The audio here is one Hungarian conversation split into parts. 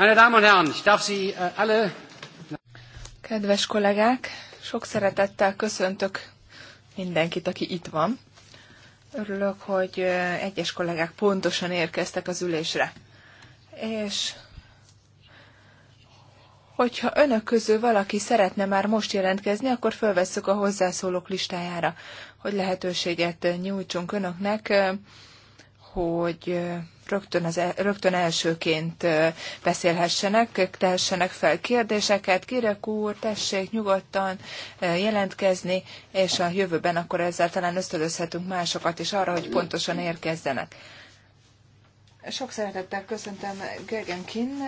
Äh, Kedves kollégák, sok szeretettel köszöntök mindenkit, aki itt van. Örülök, hogy egyes kollégák pontosan érkeztek az ülésre. És hogyha önök közül valaki szeretne már most jelentkezni, akkor fölvesszük a hozzászólók listájára, hogy lehetőséget nyújtsunk önöknek, hogy rögtön, az, e, rögtön elsőként beszélhessenek, tehessenek fel kérdéseket. Kérek úr, tessék nyugodtan jelentkezni, és a jövőben akkor ezzel talán ösztönözhetünk másokat is arra, hogy pontosan érkezzenek. Sok szeretettel köszöntöm Gegenkin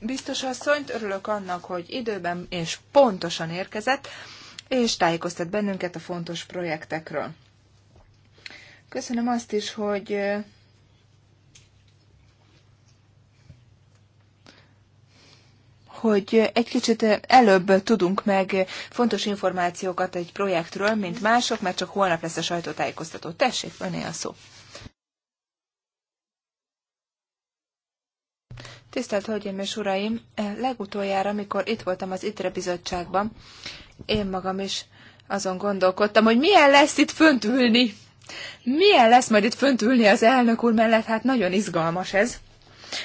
biztos asszonyt, örülök annak, hogy időben és pontosan érkezett, és tájékoztat bennünket a fontos projektekről. Köszönöm azt is, hogy hogy egy kicsit előbb tudunk meg fontos információkat egy projektről, mint mások, mert csak holnap lesz a sajtótájékoztató. Tessék, öné a szó. Tisztelt Hölgyeim és Uraim! Legutoljára, amikor itt voltam az ITRE bizottságban, én magam is azon gondolkodtam, hogy milyen lesz itt föntülni. Milyen lesz majd itt föntülni az elnök úr mellett? Hát nagyon izgalmas ez.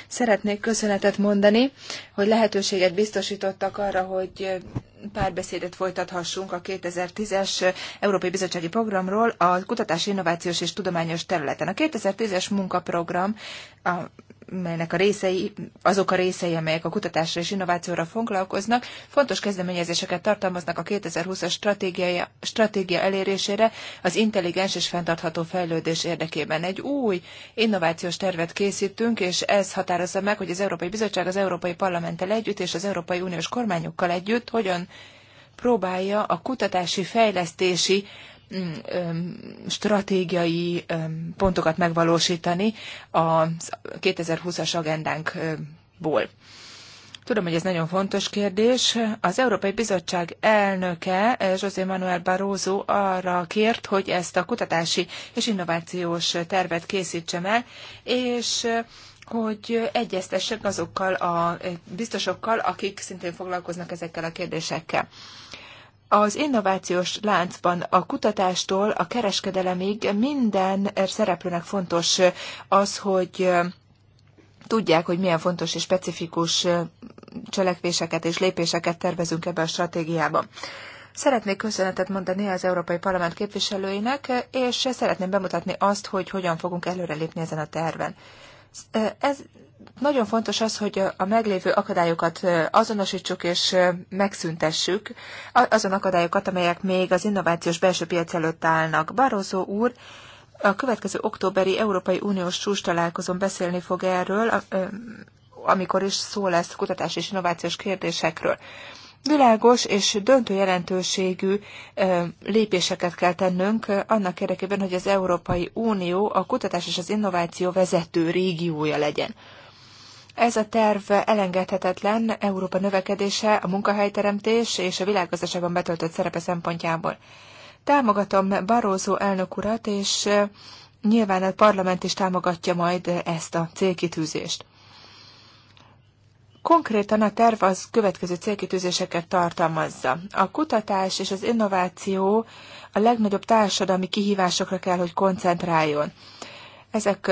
Szeretnék köszönetet mondani, hogy lehetőséget biztosítottak arra, hogy párbeszédet folytathassunk a 2010-es Európai Bizottsági Programról a kutatási, innovációs és tudományos területen. A 2010-es munkaprogram a melynek a részei, azok a részei, amelyek a kutatásra és innovációra foglalkoznak, fontos kezdeményezéseket tartalmaznak a 2020-as stratégia, elérésére az intelligens és fenntartható fejlődés érdekében. Egy új innovációs tervet készítünk, és ez határozza meg, hogy az Európai Bizottság az Európai Parlamenttel együtt és az Európai Uniós kormányokkal együtt hogyan próbálja a kutatási fejlesztési stratégiai pontokat megvalósítani a 2020-as agendánkból. Tudom, hogy ez nagyon fontos kérdés. Az Európai Bizottság elnöke, José Manuel Barroso arra kért, hogy ezt a kutatási és innovációs tervet készítsem el, és hogy egyeztessek azokkal a biztosokkal, akik szintén foglalkoznak ezekkel a kérdésekkel az innovációs láncban a kutatástól a kereskedelemig minden szereplőnek fontos az, hogy tudják, hogy milyen fontos és specifikus cselekvéseket és lépéseket tervezünk ebbe a stratégiába. Szeretnék köszönetet mondani az Európai Parlament képviselőinek, és szeretném bemutatni azt, hogy hogyan fogunk előrelépni ezen a terven. Ez nagyon fontos az, hogy a meglévő akadályokat azonosítsuk és megszüntessük, azon akadályokat, amelyek még az innovációs belső piac előtt állnak. Barroso úr a következő októberi Európai Uniós csúcs találkozón beszélni fog erről, amikor is szó lesz kutatás és innovációs kérdésekről. Világos és döntő jelentőségű lépéseket kell tennünk annak érdekében, hogy az Európai Unió a kutatás és az innováció vezető régiója legyen. Ez a terv elengedhetetlen Európa növekedése, a munkahelyteremtés és a világgazdaságban betöltött szerepe szempontjából. Támogatom Barózó elnök urat, és nyilván a parlament is támogatja majd ezt a célkitűzést. Konkrétan a terv az következő célkitűzéseket tartalmazza. A kutatás és az innováció a legnagyobb társadalmi kihívásokra kell, hogy koncentráljon. Ezek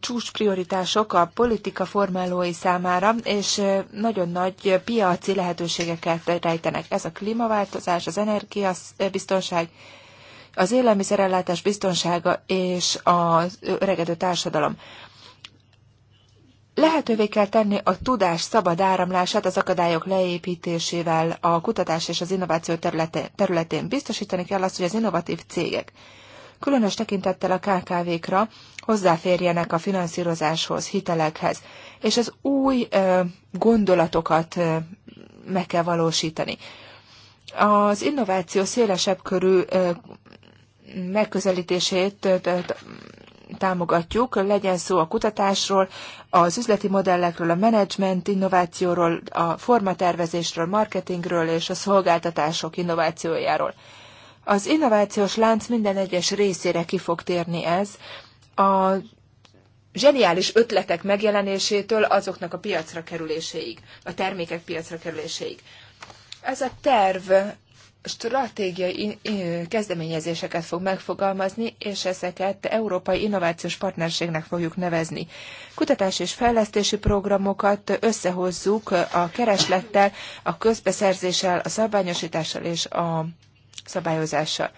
csúcsprioritások prioritások a politika formálói számára, és nagyon nagy piaci lehetőségeket rejtenek. Ez a klímaváltozás, az energiabiztonság, az élelmiszerellátás biztonsága és az öregedő társadalom. Lehetővé kell tenni a tudás szabad áramlását az akadályok leépítésével a kutatás és az innováció területén. Biztosítani kell azt, hogy az innovatív cégek különös tekintettel a KKV-kra hozzáférjenek a finanszírozáshoz, hitelekhez, és az új gondolatokat meg kell valósítani. Az innováció szélesebb körű megközelítését támogatjuk, legyen szó a kutatásról, az üzleti modellekről, a menedzsment innovációról, a formatervezésről, marketingről és a szolgáltatások innovációjáról. Az innovációs lánc minden egyes részére ki fog térni ez. A zseniális ötletek megjelenésétől azoknak a piacra kerüléséig, a termékek piacra kerüléséig. Ez a terv stratégiai kezdeményezéseket fog megfogalmazni, és ezeket Európai Innovációs Partnerségnek fogjuk nevezni. Kutatás és fejlesztési programokat összehozzuk a kereslettel, a közbeszerzéssel, a szabványosítással és a szabályozása.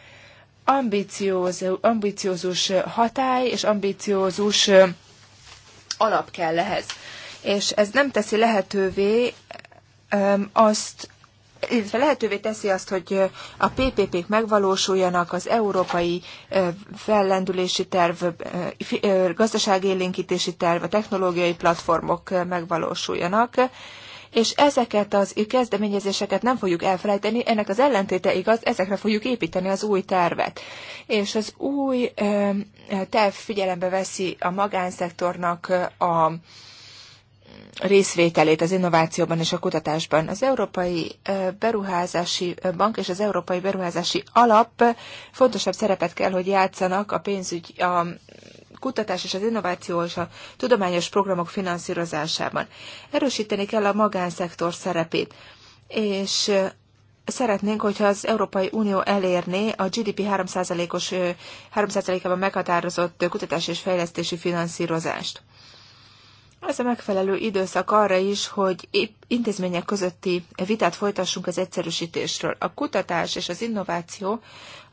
Ambicióz, ambiciózus hatály és ambiciózus alap kell ehhez. És ez nem teszi lehetővé azt, illetve lehetővé teszi azt, hogy a PPP-k megvalósuljanak az európai fellendülési terv, gazdaságélénkítési terv, a technológiai platformok megvalósuljanak, és ezeket az kezdeményezéseket nem fogjuk elfelejteni, ennek az ellentéte igaz, ezekre fogjuk építeni az új tervet. És az új terv figyelembe veszi a magánszektornak a részvételét az innovációban és a kutatásban. Az Európai Beruházási Bank és az Európai Beruházási Alap fontosabb szerepet kell, hogy játszanak a pénzügy, a kutatás és az innováció és a tudományos programok finanszírozásában. Erősíteni kell a magánszektor szerepét, és Szeretnénk, hogyha az Európai Unió elérné a GDP 3%-os, 3%-ában meghatározott kutatás és fejlesztési finanszírozást. Ez a megfelelő időszak arra is, hogy intézmények közötti vitát folytassunk az egyszerűsítésről. A kutatás és az innováció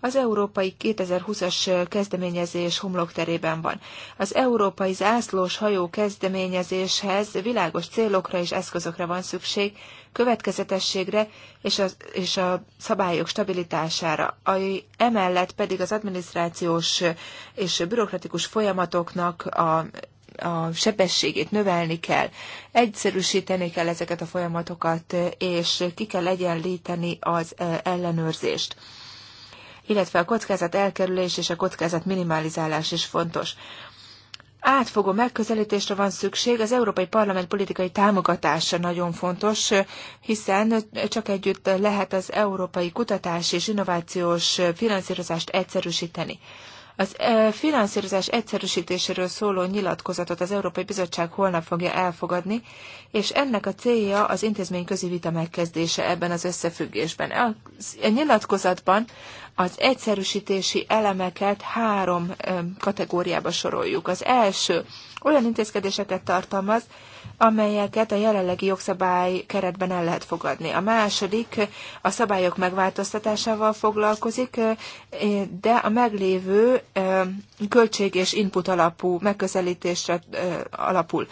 az Európai 2020-as kezdeményezés homlokterében van. Az Európai Zászlós Hajó kezdeményezéshez világos célokra és eszközökre van szükség, következetességre és a, és a szabályok stabilitására. A, emellett pedig az adminisztrációs és bürokratikus folyamatoknak a a sebességét növelni kell, egyszerűsíteni kell ezeket a folyamatokat, és ki kell egyenlíteni az eh, ellenőrzést illetve a kockázat elkerülés és a kockázat minimalizálás is fontos. Átfogó megközelítésre van szükség, az Európai Parlament politikai támogatása nagyon fontos, hiszen csak együtt lehet az európai kutatás és innovációs finanszírozást egyszerűsíteni. Az e, finanszírozás egyszerűsítéséről szóló nyilatkozatot az Európai Bizottság holnap fogja elfogadni, és ennek a célja az intézmény vita megkezdése ebben az összefüggésben. A nyilatkozatban az egyszerűsítési elemeket három kategóriába soroljuk. Az első olyan intézkedéseket tartalmaz, amelyeket a jelenlegi jogszabály keretben el lehet fogadni. A második a szabályok megváltoztatásával foglalkozik, de a meglévő költség és input alapú megközelítésre alapul.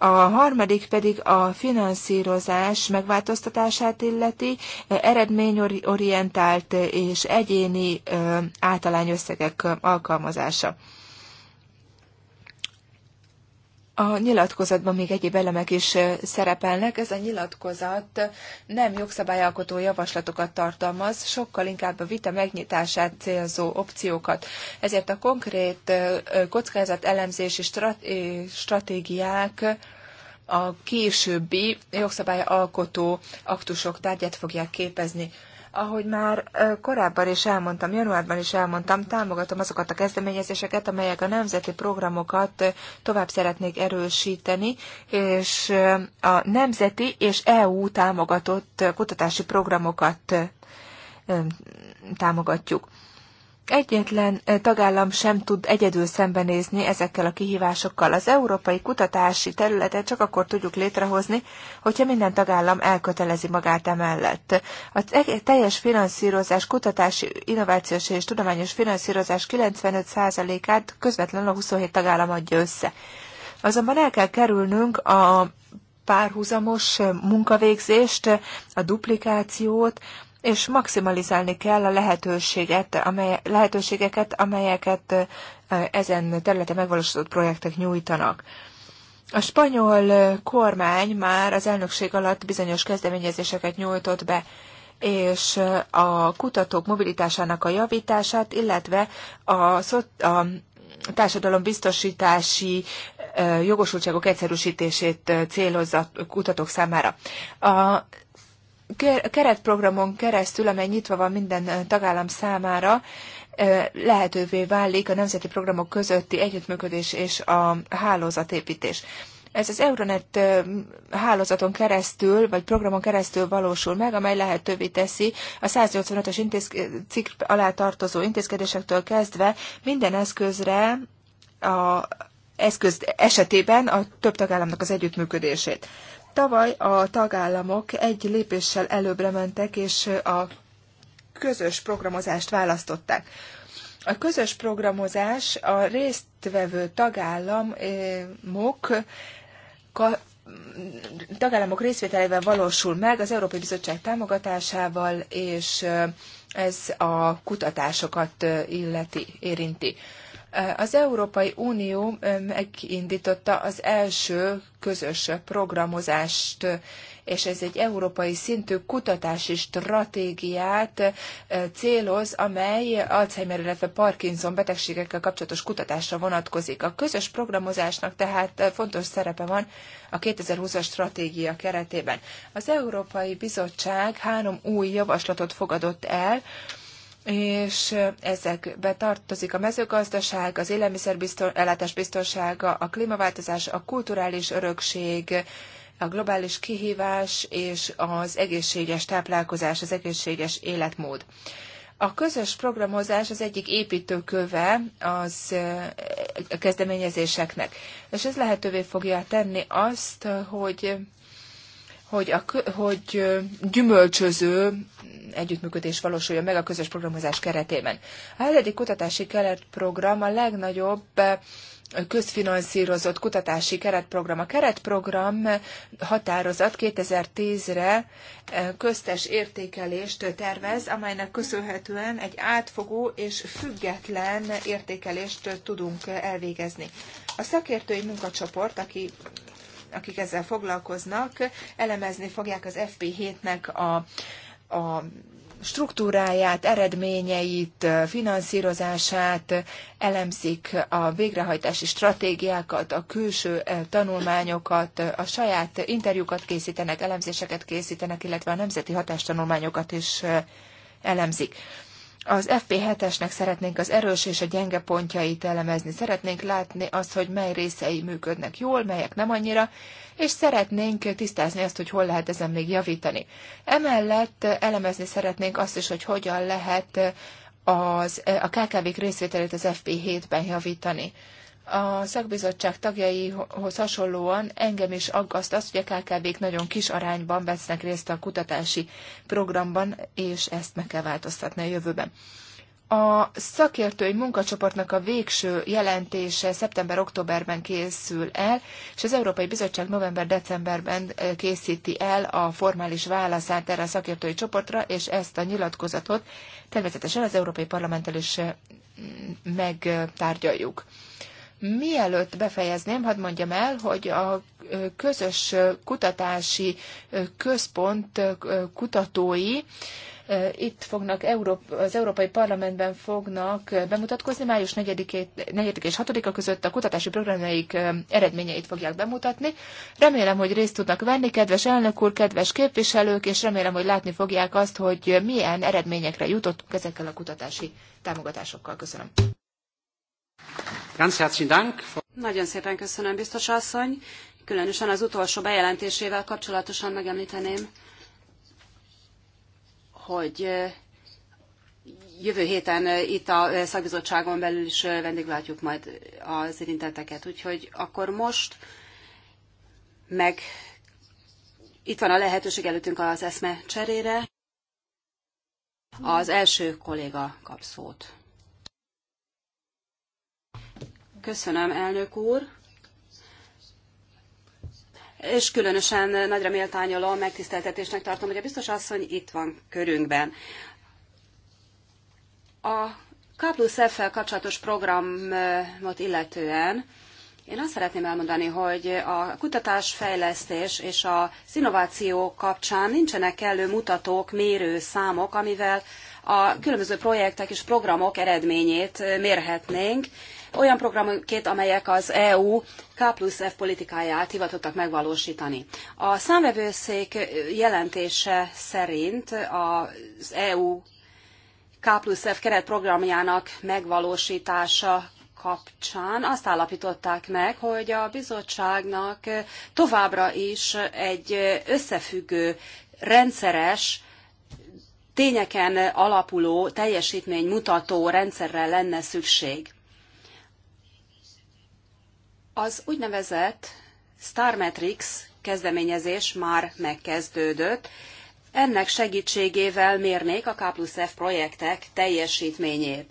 A harmadik pedig a finanszírozás megváltoztatását illeti, eredményorientált és egyéni általány összegek alkalmazása. A nyilatkozatban még egyéb elemek is szerepelnek. Ez a nyilatkozat nem jogszabályalkotó javaslatokat tartalmaz, sokkal inkább a vita megnyitását célzó opciókat. Ezért a konkrét kockázat elemzési stratégiák a későbbi jogszabályalkotó aktusok tárgyát fogják képezni. Ahogy már korábban is elmondtam, januárban is elmondtam, támogatom azokat a kezdeményezéseket, amelyek a nemzeti programokat tovább szeretnék erősíteni, és a nemzeti és EU támogatott kutatási programokat támogatjuk egyetlen tagállam sem tud egyedül szembenézni ezekkel a kihívásokkal. Az európai kutatási területet csak akkor tudjuk létrehozni, hogyha minden tagállam elkötelezi magát emellett. A teljes finanszírozás, kutatási, innovációs és tudományos finanszírozás 95%-át közvetlenül a 27 tagállam adja össze. Azonban el kell kerülnünk a párhuzamos munkavégzést, a duplikációt, és maximalizálni kell a lehetőséget, amely, lehetőségeket, amelyeket ezen területen megvalósított projektek nyújtanak. A spanyol kormány már az elnökség alatt bizonyos kezdeményezéseket nyújtott be, és a kutatók mobilitásának a javítását, illetve a, a biztosítási jogosultságok egyszerűsítését célozza kutatók számára. A keretprogramon keresztül, amely nyitva van minden tagállam számára, lehetővé válik a nemzeti programok közötti együttműködés és a hálózatépítés. Ez az Euronet hálózaton keresztül, vagy programon keresztül valósul meg, amely lehetővé teszi a 185-ös intézk- cikk alá tartozó intézkedésektől kezdve minden eszközre a eszköz esetében a több tagállamnak az együttműködését. Tavaly a tagállamok egy lépéssel előbbre mentek, és a közös programozást választották. A közös programozás a résztvevő tagállamok tagállamok részvételével valósul meg az Európai Bizottság támogatásával, és ez a kutatásokat illeti, érinti. Az Európai Unió megindította az első közös programozást, és ez egy európai szintű kutatási stratégiát céloz, amely Alzheimer, illetve Parkinson betegségekkel kapcsolatos kutatásra vonatkozik. A közös programozásnak tehát fontos szerepe van a 2020-as stratégia keretében. Az Európai Bizottság három új javaslatot fogadott el, és ezekbe tartozik a mezőgazdaság, az élelmiszerellátás biztonsága, a klímaváltozás, a kulturális örökség, a globális kihívás és az egészséges táplálkozás, az egészséges életmód. A közös programozás az egyik építőköve az kezdeményezéseknek, és ez lehetővé fogja tenni azt, hogy hogy, a, hogy gyümölcsöző együttműködés valósuljon meg a közös programozás keretében. A hetedik kutatási keretprogram a legnagyobb közfinanszírozott kutatási keretprogram. A keretprogram határozat 2010-re köztes értékelést tervez, amelynek köszönhetően egy átfogó és független értékelést tudunk elvégezni. A szakértői munkacsoport, aki akik ezzel foglalkoznak, elemezni fogják az FP7-nek a, a struktúráját, eredményeit, finanszírozását, elemzik a végrehajtási stratégiákat, a külső eh, tanulmányokat, a saját interjúkat készítenek, elemzéseket készítenek, illetve a nemzeti hatástanulmányokat is eh, elemzik. Az FP7-esnek szeretnénk az erős és a gyenge pontjait elemezni. Szeretnénk látni azt, hogy mely részei működnek jól, melyek nem annyira, és szeretnénk tisztázni azt, hogy hol lehet ezen még javítani. Emellett elemezni szeretnénk azt is, hogy hogyan lehet az, a KKV-k részvételét az FP7-ben javítani a szakbizottság tagjaihoz hasonlóan engem is aggaszt az, hogy a kkv k nagyon kis arányban vesznek részt a kutatási programban, és ezt meg kell változtatni a jövőben. A szakértői munkacsoportnak a végső jelentése szeptember-októberben készül el, és az Európai Bizottság november-decemberben készíti el a formális válaszát erre a szakértői csoportra, és ezt a nyilatkozatot természetesen az Európai Parlamenttel is megtárgyaljuk. Mielőtt befejezném, hadd mondjam el, hogy a közös kutatási központ kutatói itt fognak Európa, az Európai Parlamentben fognak bemutatkozni, május 4, 4 és 6-a között a kutatási programjaik eredményeit fogják bemutatni. Remélem, hogy részt tudnak venni, kedves elnök úr, kedves képviselők, és remélem, hogy látni fogják azt, hogy milyen eredményekre jutottunk ezekkel a kutatási támogatásokkal. Köszönöm. Nagyon szépen köszönöm, biztos asszony. Különösen az utolsó bejelentésével kapcsolatosan megemlíteném, hogy jövő héten itt a szakbizottságon belül is vendéglátjuk majd az érintetteket. Úgyhogy akkor most meg itt van a lehetőség előttünk az eszme cserére. Az első kolléga kap szót. Köszönöm, elnök úr. És különösen nagyra méltányoló megtiszteltetésnek tartom, hogy a biztos asszony itt van körünkben. A K plusz F-fel kapcsolatos programot illetően én azt szeretném elmondani, hogy a kutatás, fejlesztés és az innováció kapcsán nincsenek kellő mutatók, mérő számok, amivel a különböző projektek és programok eredményét mérhetnénk, olyan programokét, amelyek az EU K plusz F politikáját hivatottak megvalósítani. A számvevőszék jelentése szerint az EU K plusz F keretprogramjának megvalósítása kapcsán azt állapították meg, hogy a bizottságnak továbbra is egy összefüggő, rendszeres, tényeken alapuló teljesítménymutató rendszerre lenne szükség. Az úgynevezett Star Matrix kezdeményezés már megkezdődött. Ennek segítségével mérnék a K plusz F projektek teljesítményét.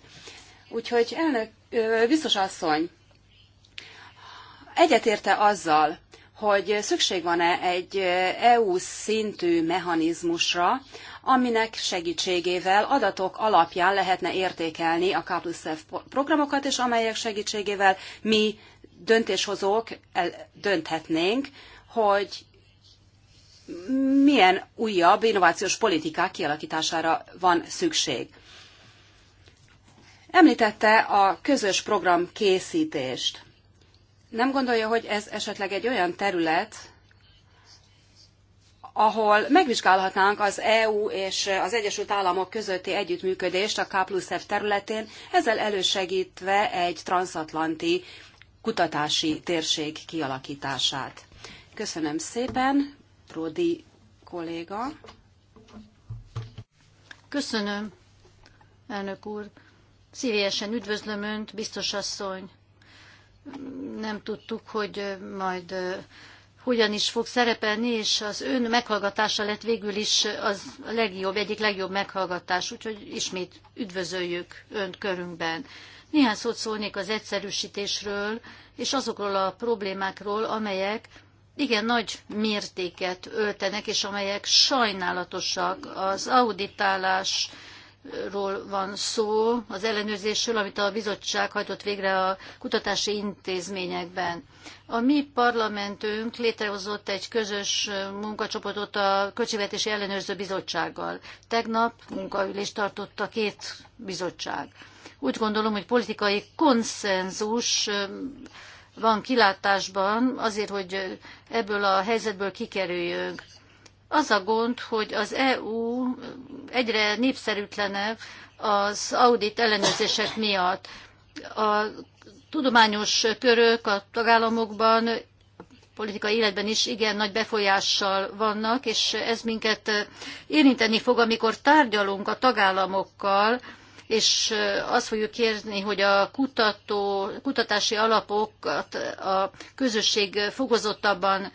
Úgyhogy elnök, biztos asszony, egyetérte azzal, hogy szükség van-e egy EU szintű mechanizmusra, aminek segítségével adatok alapján lehetne értékelni a K plusz F programokat, és amelyek segítségével mi döntéshozók el, dönthetnénk, hogy milyen újabb innovációs politikák kialakítására van szükség. Említette a közös program készítést. Nem gondolja, hogy ez esetleg egy olyan terület, ahol megvizsgálhatnánk az EU és az Egyesült Államok közötti együttműködést a K plusz F területén, ezzel elősegítve egy transatlanti kutatási térség kialakítását. Köszönöm szépen, Prodi kolléga. Köszönöm, elnök úr. Szívesen üdvözlöm Önt, biztos asszony. Nem tudtuk, hogy majd hogyan is fog szerepelni, és az ön meghallgatása lett végül is az a legjobb, egyik legjobb meghallgatás, úgyhogy ismét üdvözöljük önt körünkben. Néhány szót szólnék az egyszerűsítésről, és azokról a problémákról, amelyek igen nagy mértéket öltenek, és amelyek sajnálatosak az auditálás ról van szó, az ellenőrzésről, amit a bizottság hajtott végre a kutatási intézményekben. A mi parlamentünk létrehozott egy közös munkacsoportot a Költségvetési Ellenőrző Bizottsággal. Tegnap munkaülést tartott a két bizottság. Úgy gondolom, hogy politikai konszenzus van kilátásban azért, hogy ebből a helyzetből kikerüljünk. Az a gond, hogy az EU egyre népszerűtlenebb az audit ellenőrzések miatt. A tudományos körök a tagállamokban politikai életben is igen nagy befolyással vannak, és ez minket érinteni fog, amikor tárgyalunk a tagállamokkal, és azt fogjuk kérni, hogy a kutató, kutatási alapokat a közösség fokozottabban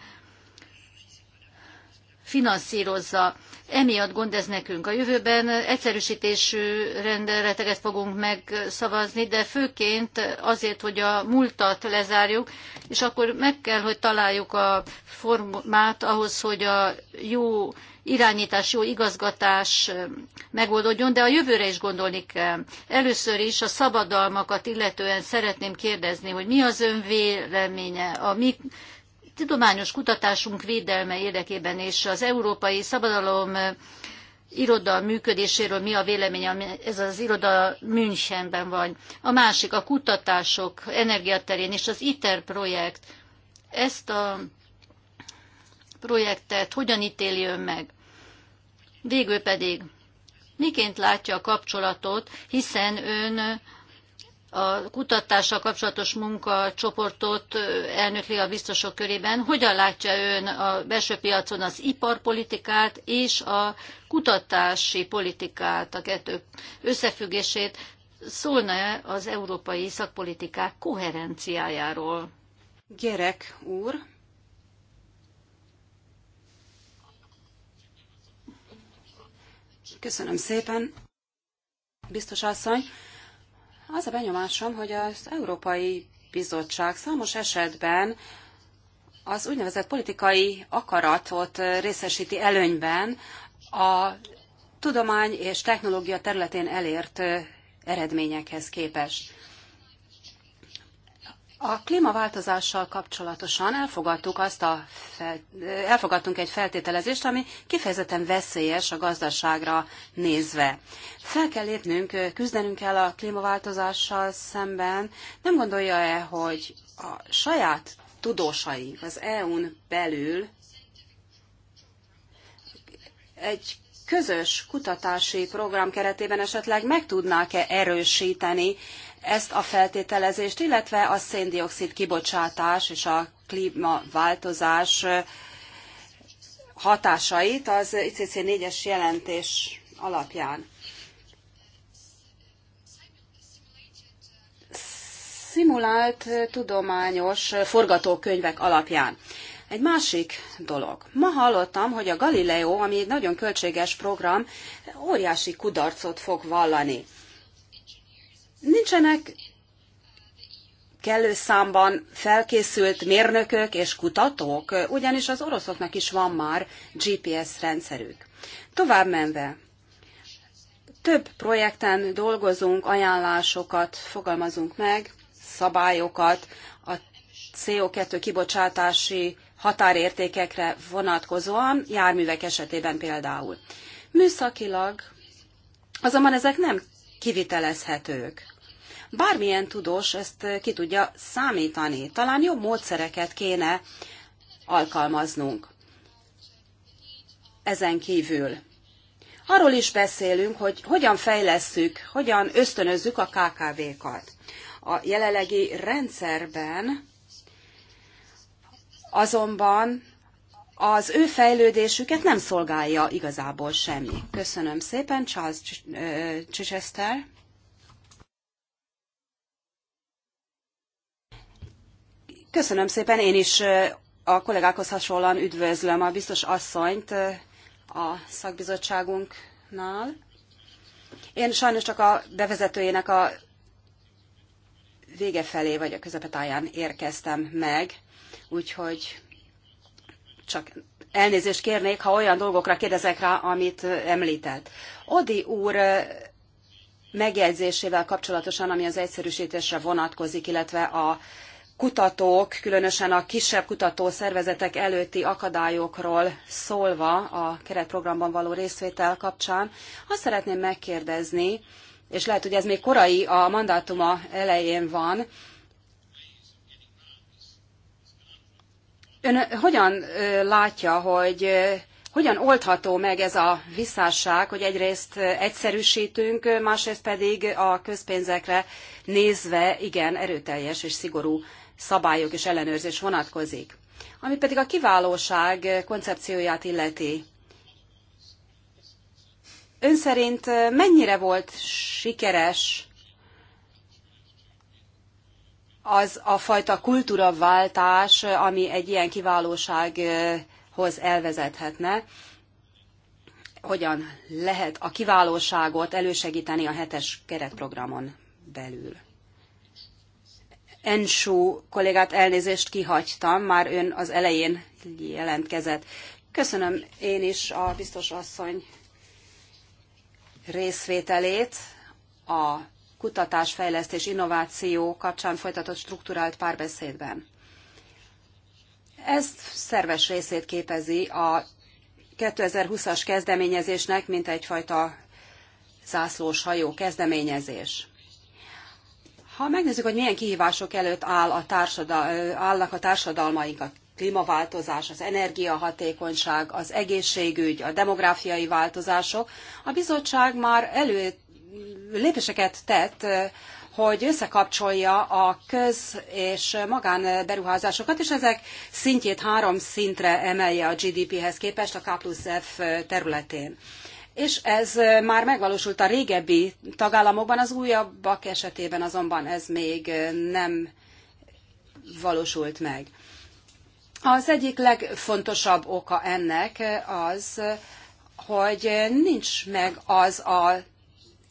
finanszírozza. Emiatt gond ez nekünk. A jövőben egyszerűsítésű rendeleteket fogunk megszavazni, de főként azért, hogy a múltat lezárjuk, és akkor meg kell, hogy találjuk a formát ahhoz, hogy a jó irányítás, jó igazgatás megoldódjon, de a jövőre is gondolni kell. Először is a szabadalmakat illetően szeretném kérdezni, hogy mi az ön véleménye, a mi tudományos kutatásunk védelme érdekében és az európai szabadalom eh, iroda működéséről mi a véleménye, ez az iroda Münchenben van. A másik a kutatások energiaterén és az ITER projekt. Ezt a projektet hogyan ítéli ön meg? Végül pedig, miként látja a kapcsolatot, hiszen ön a kutatással kapcsolatos munkacsoportot elnökli a biztosok körében. Hogyan látja ön a belső piacon az iparpolitikát és a kutatási politikát, a kettő összefüggését? Szólna-e az európai szakpolitikák koherenciájáról? Gyerek úr, Köszönöm szépen. Biztos asszony, az a benyomásom, hogy az Európai Bizottság számos esetben az úgynevezett politikai akaratot részesíti előnyben a tudomány és technológia területén elért eredményekhez képest. A klímaváltozással kapcsolatosan elfogadtuk azt a fel, elfogadtunk egy feltételezést, ami kifejezetten veszélyes a gazdaságra nézve. Fel kell lépnünk, küzdenünk kell a klímaváltozással szemben. Nem gondolja-e, hogy a saját tudósaink az EU-n belül egy közös kutatási program keretében esetleg meg tudnák-e erősíteni ezt a feltételezést, illetve a széndiokszid kibocsátás és a klímaváltozás hatásait az ICC 4-es jelentés alapján. Szimulált tudományos forgatókönyvek alapján. Egy másik dolog. Ma hallottam, hogy a Galileo, ami egy nagyon költséges program, óriási kudarcot fog vallani. Nincsenek kellő számban felkészült mérnökök és kutatók, ugyanis az oroszoknak is van már GPS rendszerük. Tovább menve, több projekten dolgozunk, ajánlásokat fogalmazunk meg, szabályokat a CO2 kibocsátási határértékekre vonatkozóan, járművek esetében például. Műszakilag azonban ezek nem kivitelezhetők bármilyen tudós ezt ki tudja számítani. Talán jobb módszereket kéne alkalmaznunk. Ezen kívül arról is beszélünk, hogy hogyan fejlesszük, hogyan ösztönözzük a KKV-kat. A jelenlegi rendszerben azonban az ő fejlődésüket nem szolgálja igazából semmi. Köszönöm szépen, Charles Chichester. Köszönöm szépen, én is a kollégákhoz hasonlóan üdvözlöm a biztos asszonyt a szakbizottságunknál. Én sajnos csak a bevezetőjének a vége felé vagy a közepetáján érkeztem meg, úgyhogy csak elnézést kérnék, ha olyan dolgokra kérdezek rá, amit említett. Odi úr megjegyzésével kapcsolatosan, ami az egyszerűsítésre vonatkozik, illetve a kutatók, különösen a kisebb kutató szervezetek előtti akadályokról szólva a keretprogramban való részvétel kapcsán, azt szeretném megkérdezni, és lehet, hogy ez még korai, a mandátuma elején van, Ön hogyan látja, hogy hogyan oldható meg ez a visszásság, hogy egyrészt egyszerűsítünk, másrészt pedig a közpénzekre nézve igen erőteljes és szigorú szabályok és ellenőrzés vonatkozik. Ami pedig a kiválóság koncepcióját illeti. Ön szerint mennyire volt sikeres az a fajta kultúraváltás, ami egy ilyen kiválósághoz elvezethetne? Hogyan lehet a kiválóságot elősegíteni a hetes keretprogramon belül? Ensú kollégát elnézést kihagytam, már ön az elején jelentkezett. Köszönöm én is a biztos asszony részvételét a kutatás, fejlesztés, innováció kapcsán folytatott strukturált párbeszédben. Ez szerves részét képezi a 2020-as kezdeményezésnek, mint egyfajta zászlós hajó kezdeményezés. Ha megnézzük, hogy milyen kihívások előtt áll a társadal, állnak a társadalmaink, a klímaváltozás, az energiahatékonyság, az egészségügy, a demográfiai változások, a bizottság már elő lépéseket tett, hogy összekapcsolja a köz- és magánberuházásokat, és ezek szintjét három szintre emelje a GDP-hez képest a K plusz F területén és ez már megvalósult a régebbi tagállamokban, az újabbak esetében azonban ez még nem valósult meg. Az egyik legfontosabb oka ennek az, hogy nincs meg az a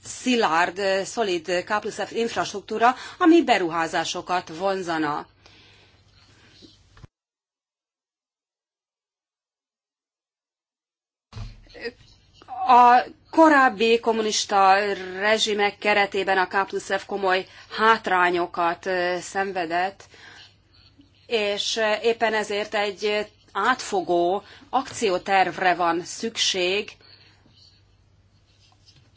szilárd, szolid K plusz F infrastruktúra, ami beruházásokat vonzana. A korábbi kommunista rezsimek keretében a K plusz F komoly hátrányokat szenvedett, és éppen ezért egy átfogó akciótervre van szükség,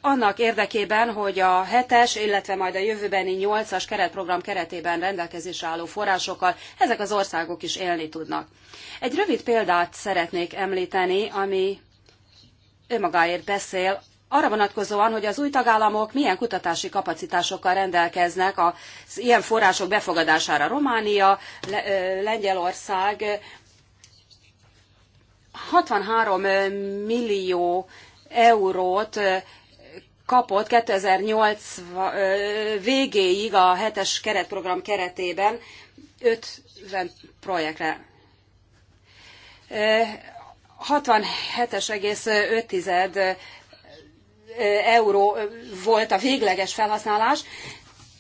annak érdekében, hogy a hetes, illetve majd a jövőbeni nyolcas keretprogram keretében rendelkezésre álló forrásokkal ezek az országok is élni tudnak. Egy rövid példát szeretnék említeni, ami önmagáért beszél, arra vonatkozóan, hogy az új tagállamok milyen kutatási kapacitásokkal rendelkeznek az ilyen források befogadására. Románia, Lengyelország 63 millió eurót kapott 2008 végéig a hetes keretprogram keretében 50 projektre. 67,5 euró volt a végleges felhasználás,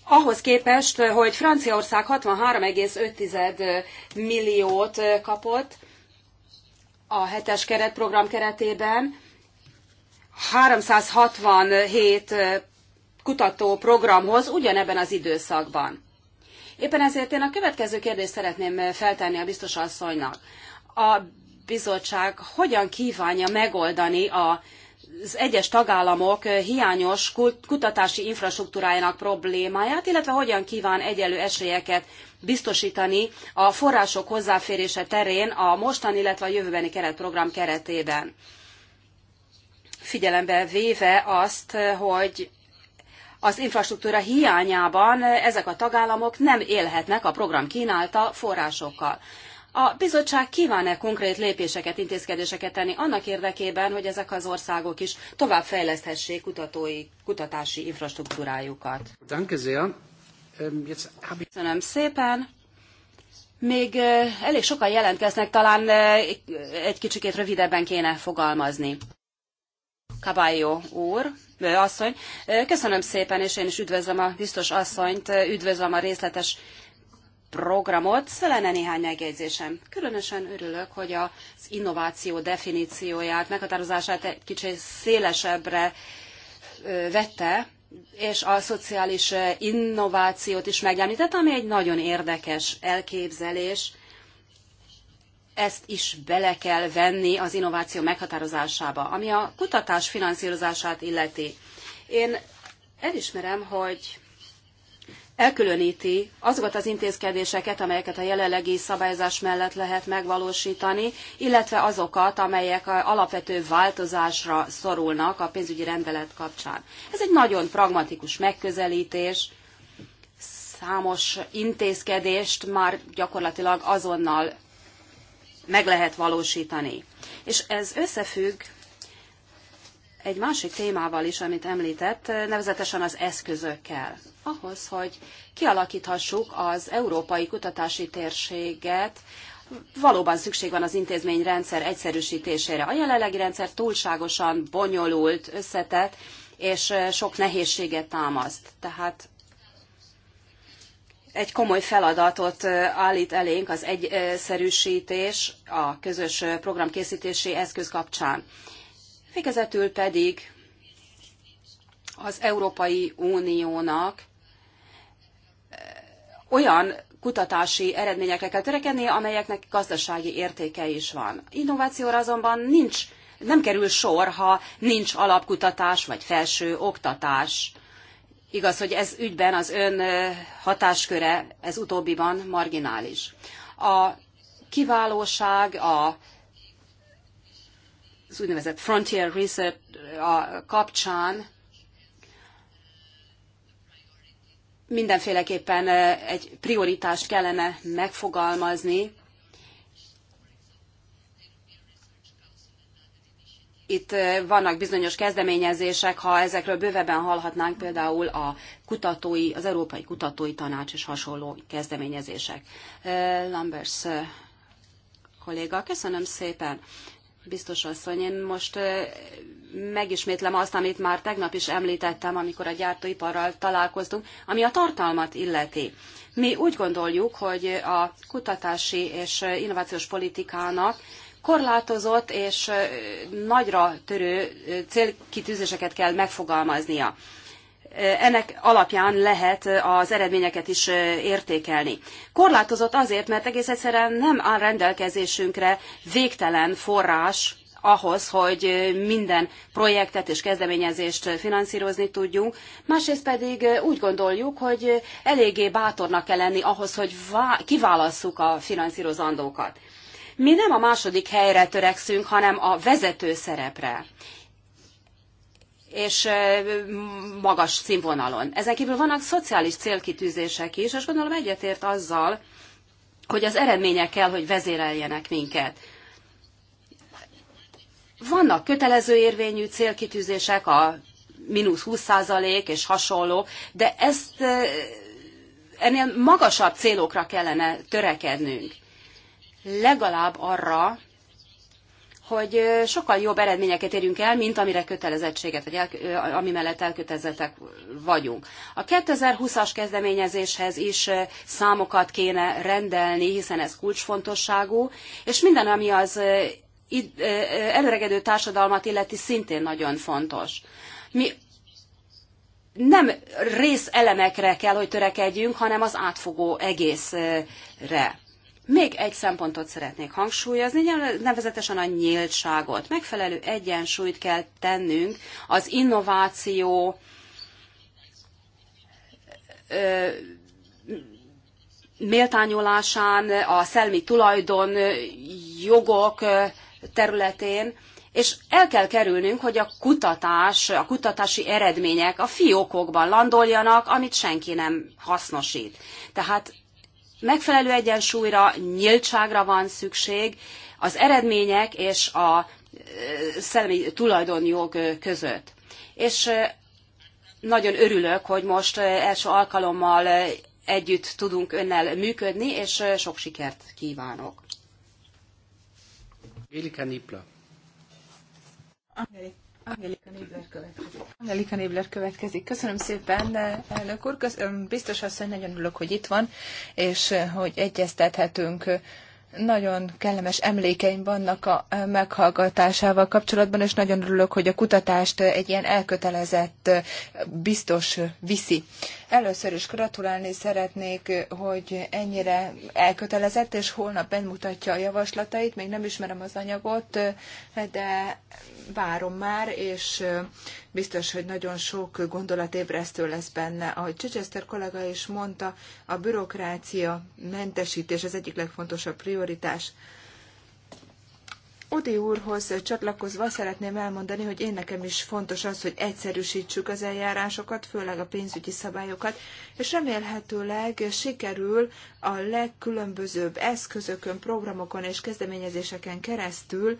ahhoz képest, hogy Franciaország 63,5 milliót kapott a hetes keretprogram keretében, 367 kutató programhoz ugyanebben az időszakban. Éppen ezért én a következő kérdést szeretném feltenni a biztos asszonynak. A bizottság hogyan kívánja megoldani a az egyes tagállamok hiányos kutatási infrastruktúrájának problémáját, illetve hogyan kíván egyenlő esélyeket biztosítani a források hozzáférése terén a mostani, illetve a jövőbeni keretprogram keretében. Figyelembe véve azt, hogy az infrastruktúra hiányában ezek a tagállamok nem élhetnek a program kínálta forrásokkal. A bizottság kíván-e konkrét lépéseket, intézkedéseket tenni annak érdekében, hogy ezek az országok is tovább fejleszthessék kutatói, kutatási infrastruktúrájukat? Ähm, köszönöm szépen. Még elég sokan jelentkeznek, talán egy kicsikét rövidebben kéne fogalmazni. Caballo úr, asszony, köszönöm szépen, és én is üdvözlöm a biztos asszonyt, üdvözlöm a részletes programot. Lenne néhány megjegyzésem. Különösen örülök, hogy az innováció definícióját, meghatározását egy kicsit szélesebbre vette, és a szociális innovációt is megemlített, ami egy nagyon érdekes elképzelés. Ezt is bele kell venni az innováció meghatározásába, ami a kutatás finanszírozását illeti. Én elismerem, hogy elkülöníti azokat az intézkedéseket, amelyeket a jelenlegi szabályozás mellett lehet megvalósítani, illetve azokat, amelyek alapvető változásra szorulnak a pénzügyi rendelet kapcsán. Ez egy nagyon pragmatikus megközelítés, számos intézkedést már gyakorlatilag azonnal meg lehet valósítani. És ez összefügg egy másik témával is, amit említett, nevezetesen az eszközökkel ahhoz, hogy kialakíthassuk az európai kutatási térséget, valóban szükség van az intézményrendszer egyszerűsítésére. A jelenlegi rendszer túlságosan bonyolult, összetett, és sok nehézséget támaszt. Tehát egy komoly feladatot állít elénk az egyszerűsítés a közös programkészítési eszköz kapcsán. Végezetül pedig az Európai Uniónak olyan kutatási eredményekre kell törekedni, amelyeknek gazdasági értéke is van. Innovációra azonban nincs, nem kerül sor, ha nincs alapkutatás vagy felső oktatás. Igaz, hogy ez ügyben az ön hatásköre, ez utóbbiban marginális. A kiválóság, a, az úgynevezett frontier research a kapcsán mindenféleképpen eh, egy prioritást kellene megfogalmazni. Itt eh, vannak bizonyos kezdeményezések, ha ezekről bővebben hallhatnánk, például a kutatói, az Európai Kutatói Tanács és hasonló kezdeményezések. Eh, Lambers kolléga, köszönöm szépen. Biztos asszony, én most megismétlem azt, amit már tegnap is említettem, amikor a gyártóiparral találkoztunk, ami a tartalmat illeti. Mi úgy gondoljuk, hogy a kutatási és innovációs politikának korlátozott és nagyra törő célkitűzéseket kell megfogalmaznia ennek alapján lehet az eredményeket is értékelni. Korlátozott azért, mert egész egyszerűen nem áll rendelkezésünkre végtelen forrás ahhoz, hogy minden projektet és kezdeményezést finanszírozni tudjunk. Másrészt pedig úgy gondoljuk, hogy eléggé bátornak kell lenni ahhoz, hogy kiválasszuk a finanszírozandókat. Mi nem a második helyre törekszünk, hanem a vezető szerepre és magas színvonalon. Ezen kívül vannak szociális célkitűzések is, és gondolom egyetért azzal, hogy az eredmények kell, hogy vezéreljenek minket. Vannak kötelező érvényű célkitűzések, a mínusz 20% és hasonló, de ezt ennél magasabb célokra kellene törekednünk. Legalább arra, hogy sokkal jobb eredményeket érünk el, mint amire kötelezettséget, vagy el, ami mellett elkötelezettek vagyunk. A 2020-as kezdeményezéshez is számokat kéne rendelni, hiszen ez kulcsfontosságú, és minden, ami az előregedő társadalmat illeti, szintén nagyon fontos. Mi nem részelemekre kell, hogy törekedjünk, hanem az átfogó egészre. Még egy szempontot szeretnék hangsúlyozni, nevezetesen a nyíltságot. Megfelelő egyensúlyt kell tennünk az innováció méltányolásán, a szelmi tulajdon jogok területén, és el kell kerülnünk, hogy a kutatás, a kutatási eredmények a fiókokban landoljanak, amit senki nem hasznosít. Tehát megfelelő egyensúlyra, nyíltságra van szükség az eredmények és a szellemi tulajdonjog között. És nagyon örülök, hogy most első alkalommal együtt tudunk önnel működni, és sok sikert kívánok. Angélika Nipla. Angelika Nébler következik. Angelika Nébler következik. Köszönöm szépen, elnök úr. Köszönöm, biztos asszony, nagyon örülök, hogy itt van, és hogy egyeztethetünk nagyon kellemes emlékeim vannak a meghallgatásával kapcsolatban, és nagyon örülök, hogy a kutatást egy ilyen elkötelezett, biztos viszi. Először is gratulálni szeretnék, hogy ennyire elkötelezett, és holnap bemutatja a javaslatait. Még nem ismerem az anyagot, de várom már, és biztos, hogy nagyon sok gondolatébresztő lesz benne. Ahogy Chichester kollega is mondta, a bürokrácia mentesítés az egyik legfontosabb prioritás. Odi úrhoz csatlakozva szeretném elmondani, hogy én nekem is fontos az, hogy egyszerűsítsük az eljárásokat, főleg a pénzügyi szabályokat, és remélhetőleg sikerül a legkülönbözőbb eszközökön, programokon és kezdeményezéseken keresztül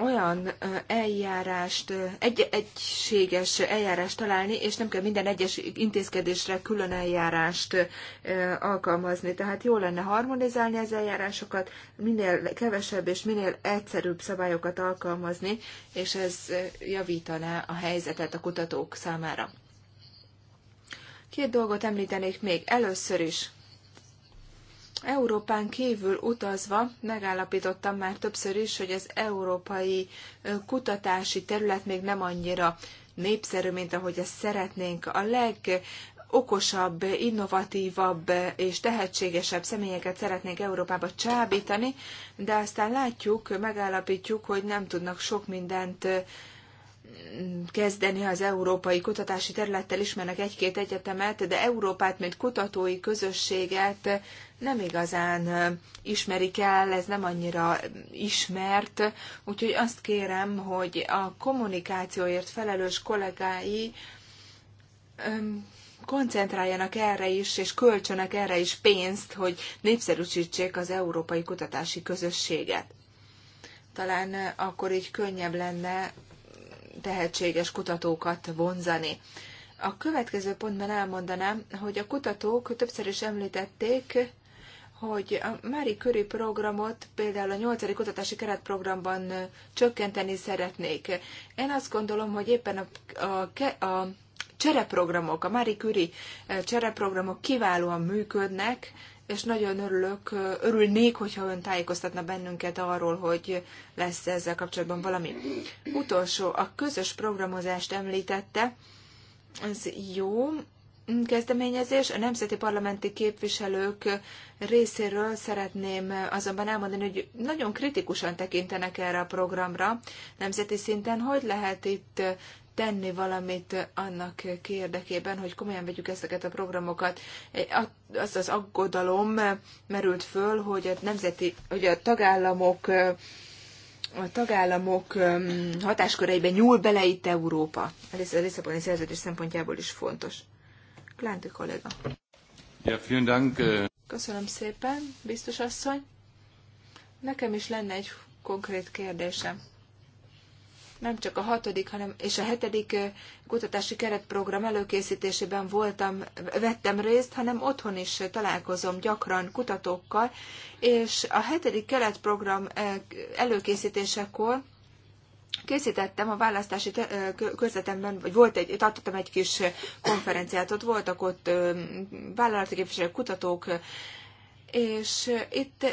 olyan eljárást, egy egységes eljárást találni, és nem kell minden egyes intézkedésre külön eljárást alkalmazni. Tehát jó lenne harmonizálni az eljárásokat, minél kevesebb és minél egyszerűbb szabályokat alkalmazni, és ez javítaná a helyzetet a kutatók számára. Két dolgot említenék még. Először is Európán kívül utazva megállapítottam már többször is, hogy az európai kutatási terület még nem annyira népszerű, mint ahogy ezt szeretnénk. A legokosabb, innovatívabb és tehetségesebb személyeket szeretnénk Európába csábítani, de aztán látjuk, megállapítjuk, hogy nem tudnak sok mindent kezdeni az európai kutatási területtel, ismernek egy-két egyetemet, de Európát, mint kutatói közösséget nem igazán ismerik el, ez nem annyira ismert, úgyhogy azt kérem, hogy a kommunikációért felelős kollégái koncentráljanak erre is, és kölcsönek erre is pénzt, hogy népszerűsítsék az európai kutatási közösséget. Talán akkor így könnyebb lenne tehetséges kutatókat vonzani. A következő pontban elmondanám, hogy a kutatók többször is említették, hogy a Marie Curie programot például a 8. kutatási keretprogramban csökkenteni szeretnék. Én azt gondolom, hogy éppen a, a, a csereprogramok, a Marie Curie csereprogramok kiválóan működnek, és nagyon örülök, örülnék, hogyha ön tájékoztatna bennünket arról, hogy lesz ezzel kapcsolatban valami. Utolsó, a közös programozást említette, ez jó kezdeményezés. A nemzeti parlamenti képviselők részéről szeretném azonban elmondani, hogy nagyon kritikusan tekintenek erre a programra nemzeti szinten. Hogy lehet itt tenni valamit annak érdekében, hogy komolyan vegyük ezeket a programokat. Az az aggodalom merült föl, hogy a, nemzeti, hogy a tagállamok a tagállamok hatásköreibe nyúl bele itt Európa. Ez a Lisszaboni szerződés szempontjából is fontos. Klánti kolléga. Ja, vielen Dank. Köszönöm szépen, biztos asszony. Nekem is lenne egy konkrét kérdésem nem csak a hatodik, hanem és a hetedik kutatási keretprogram előkészítésében voltam, vettem részt, hanem otthon is találkozom gyakran kutatókkal, és a hetedik keretprogram előkészítésekor készítettem a választási körzetemben, vagy volt egy, tartottam egy kis konferenciát, ott voltak ott vállalati képviselők, kutatók, és itt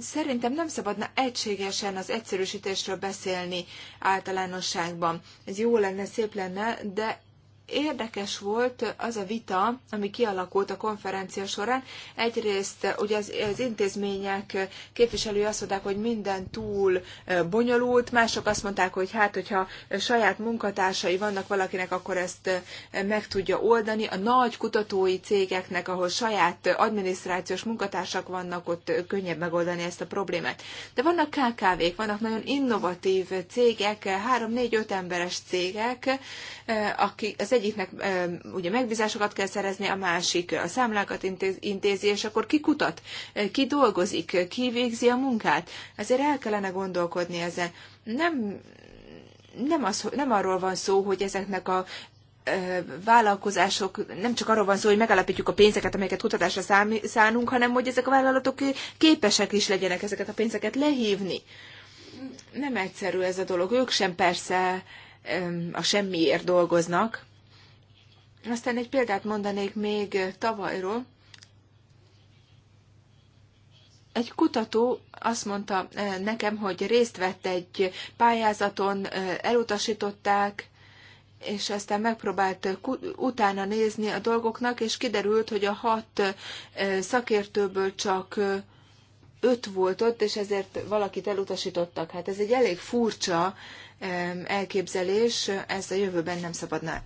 szerintem nem szabadna egységesen az egyszerűsítésről beszélni általánosságban. Ez jó lenne, szép lenne, de Érdekes volt az a vita, ami kialakult a konferencia során. Egyrészt eh, ugye az, az intézmények képviselői azt mondták, hogy minden túl eh, bonyolult, mások azt mondták, hogy hát, hogyha eh, saját munkatársai vannak valakinek, akkor ezt meg tudja oldani. A nagy kutatói cégeknek, ahol saját adminisztrációs munkatársak vannak, ott könnyebb megoldani ezt a problémát. De vannak KKV-k, vannak nagyon innovatív cégek, 3-4-5 emberes cégek, akik az egyiknek ugye megbízásokat kell szerezni, a másik a számlákat intézi, és akkor ki kutat, ki dolgozik, ki végzi a munkát. Ezért el kellene gondolkodni ezen. Nem, nem, az, nem arról van szó, hogy ezeknek a vállalkozások, nem csak arról van szó, hogy megállapítjuk a pénzeket, amelyeket kutatásra szánunk, hanem hogy ezek a vállalatok képesek is legyenek ezeket a pénzeket lehívni. Nem egyszerű ez a dolog. Ők sem persze a semmiért dolgoznak, aztán egy példát mondanék még tavalyról. Egy kutató azt mondta eh, nekem, hogy részt vett egy pályázaton, eh, elutasították, és aztán megpróbált eh, utána nézni a dolgoknak, és kiderült, hogy a hat szakértőből csak öt volt ott, és ezért valakit elutasítottak. Hát ez egy elég furcsa elképzelés, ez a jövőben nem szabadna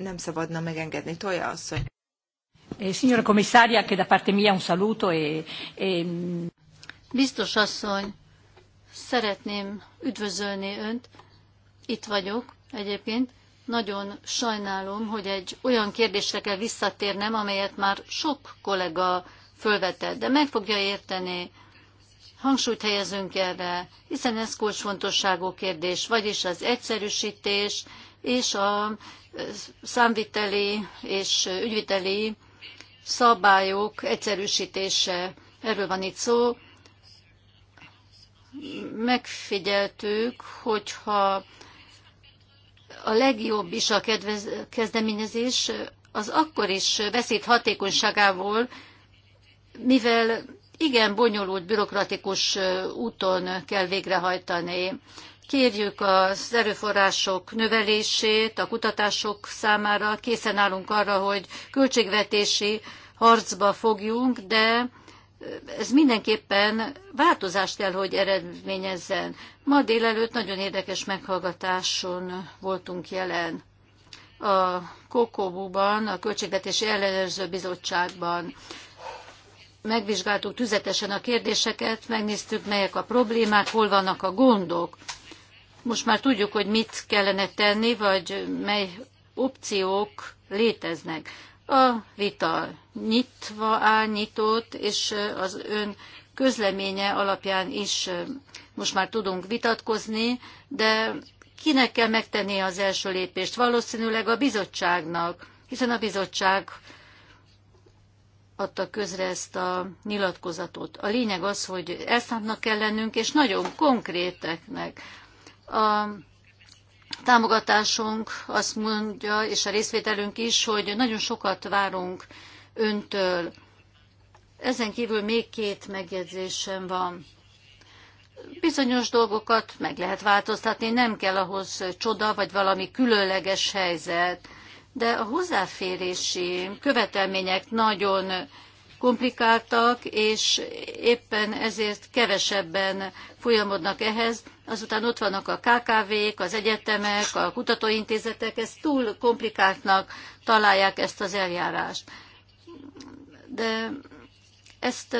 nem szabadna megengedni. Tolja asszony. Eh, signora commissaria, che da parte mia un saluto e, e... Biztos asszony, szeretném üdvözölni önt. Itt vagyok egyébként. Nagyon sajnálom, hogy egy olyan kérdésre kell visszatérnem, amelyet már sok kollega fölvetett, de meg fogja érteni. Hangsúlyt helyezünk erre, hiszen ez kulcsfontosságú kérdés, vagyis az egyszerűsítés és a számviteli és ügyviteli szabályok egyszerűsítése. Erről van itt szó. Megfigyeltük, hogyha a legjobb is a kedvez, kezdeményezés, az akkor is veszít hatékonyságából, mivel igen bonyolult bürokratikus úton kell végrehajtani. Kérjük az erőforrások növelését a kutatások számára, készen állunk arra, hogy költségvetési harcba fogjunk, de ez mindenképpen változást kell, hogy eredményezzen. Ma délelőtt nagyon érdekes meghallgatáson voltunk jelen a Kokobúban, a Költségvetési Ellenőrző Bizottságban. Megvizsgáltuk tüzetesen a kérdéseket, megnéztük, melyek a problémák, hol vannak a gondok. Most már tudjuk, hogy mit kellene tenni, vagy mely opciók léteznek. A vita nyitva áll, nyitott, és az ön közleménye alapján is most már tudunk vitatkozni, de kinek kell megtenni az első lépést? Valószínűleg a bizottságnak, hiszen a bizottság adta közre ezt a nyilatkozatot. A lényeg az, hogy elszántnak kell lennünk, és nagyon konkréteknek. A támogatásunk azt mondja, és a részvételünk is, hogy nagyon sokat várunk öntől. Ezen kívül még két megjegyzésem van. Bizonyos dolgokat meg lehet változtatni, nem kell ahhoz csoda vagy valami különleges helyzet, de a hozzáférési követelmények nagyon komplikáltak, és éppen ezért kevesebben folyamodnak ehhez, azután ott vannak a KKV-k, az egyetemek, a kutatóintézetek, ezt túl komplikáltnak találják ezt az eljárást. De ezt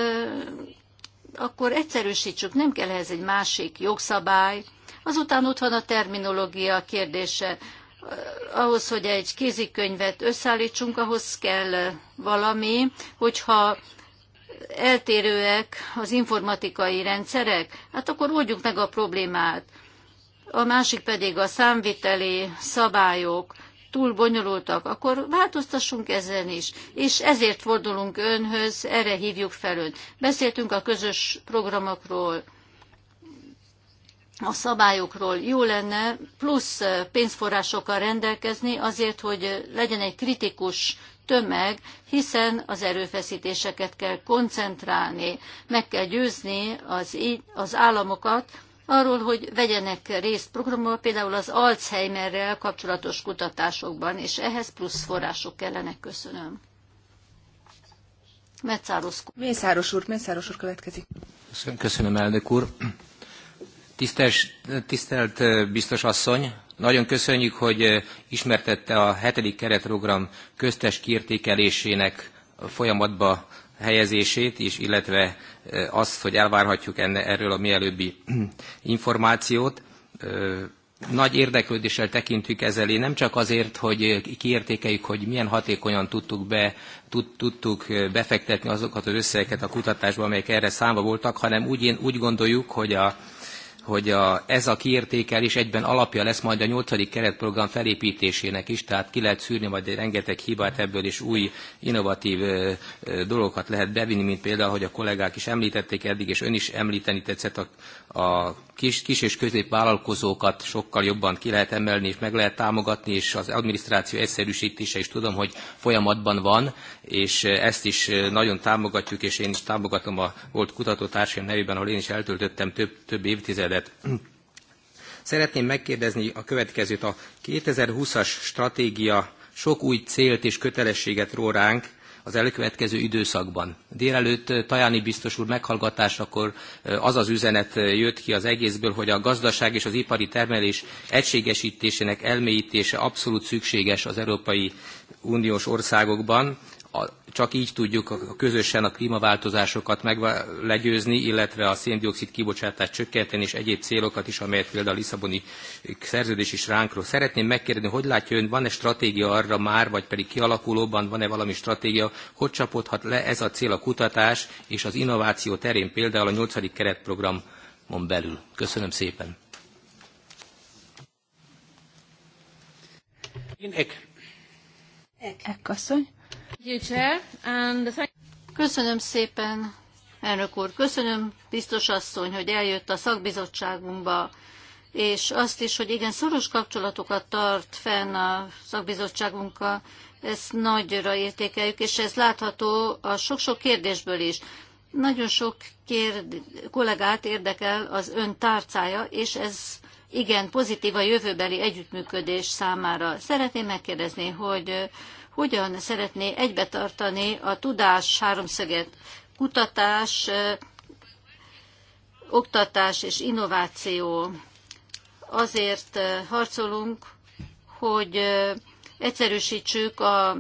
akkor egyszerűsítsük, nem kell ehhez egy másik jogszabály. Azután ott van a terminológia kérdése. Ahhoz, hogy egy kézikönyvet összeállítsunk, ahhoz kell valami, hogyha eltérőek az informatikai rendszerek, hát akkor oldjuk meg a problémát. A másik pedig a számviteli szabályok túl bonyolultak, akkor változtassunk ezen is. És ezért fordulunk önhöz, erre hívjuk fel ön. Beszéltünk a közös programokról, a szabályokról. Jó lenne plusz pénzforrásokkal rendelkezni azért, hogy legyen egy kritikus tömeg, hiszen az erőfeszítéseket kell koncentrálni, meg kell győzni az, az államokat, arról, hogy vegyenek részt programokban, például az Alzheimerrel kapcsolatos kutatásokban, és ehhez plusz források kellene Köszönöm. Mészáros, Mészáros úr, Mészáros úr következik. Köszönöm, elnök úr. Tisztes, tisztelt eh, biztos asszony, nagyon köszönjük, hogy eh, ismertette a hetedik keretprogram köztes kiértékelésének folyamatba helyezését is, illetve eh, azt, hogy elvárhatjuk enne, erről a mielőbbi információt. Eh, nagy érdeklődéssel tekintjük ez elé, nem csak azért, hogy kiértékeljük, hogy milyen hatékonyan tudtuk, be, tud, tudtuk befektetni azokat az összegeket a kutatásba, amelyek erre számba voltak, hanem úgy, én úgy gondoljuk, hogy a hogy a, ez a kiértékelés egyben alapja lesz majd a nyolcadik keretprogram felépítésének is, tehát ki lehet szűrni majd rengeteg hibát ebből, és új innovatív ö, ö, dolgokat lehet bevinni, mint például, hogy a kollégák is említették eddig, és ön is említeni tetszett a, a kis, kis és középvállalkozókat sokkal jobban ki lehet emelni, és meg lehet támogatni, és az adminisztráció egyszerűsítése is tudom, hogy folyamatban van, és ezt is nagyon támogatjuk, és én is támogatom a volt kutatótársaim nevében, ahol én is eltöltöttem több, több évtizedet, üzenet. Szeretném megkérdezni a következőt. A 2020-as stratégia sok új célt és kötelességet ró ránk az előkövetkező időszakban. Délelőtt eh, Tajani biztos úr meghallgatásakor eh, az az üzenet eh, jött ki az egészből, hogy a gazdaság és az ipari termelés egységesítésének elmélyítése abszolút szükséges az Európai Uniós országokban, a, csak így tudjuk a, közösen a klímaváltozásokat megvá- legyőzni, illetve a széndiokszid kibocsátást csökkenteni és egyéb célokat is, amelyet például a Lisszaboni szerződés is ránkról. Szeretném megkérdezni, hogy látja ön, van-e stratégia arra már, vagy pedig kialakulóban van-e valami stratégia, hogy csapódhat le ez a cél a kutatás és az innováció terén, például a 8. keretprogramon belül. Köszönöm szépen. Én Ek. Ek. Ek asszony. Köszönöm szépen, elnök úr. Köszönöm, biztos asszony, hogy eljött a szakbizottságunkba, és azt is, hogy igen, szoros kapcsolatokat tart fenn a szakbizottságunkkal, ezt nagyra értékeljük, és ez látható a sok-sok kérdésből is. Nagyon sok kérd, kollégát érdekel az ön tárcája, és ez igen pozitív a jövőbeli együttműködés számára. Szeretném megkérdezni, hogy hogyan szeretné egybetartani a tudás háromszöget, kutatás, oktatás és innováció. Azért harcolunk, hogy egyszerűsítsük a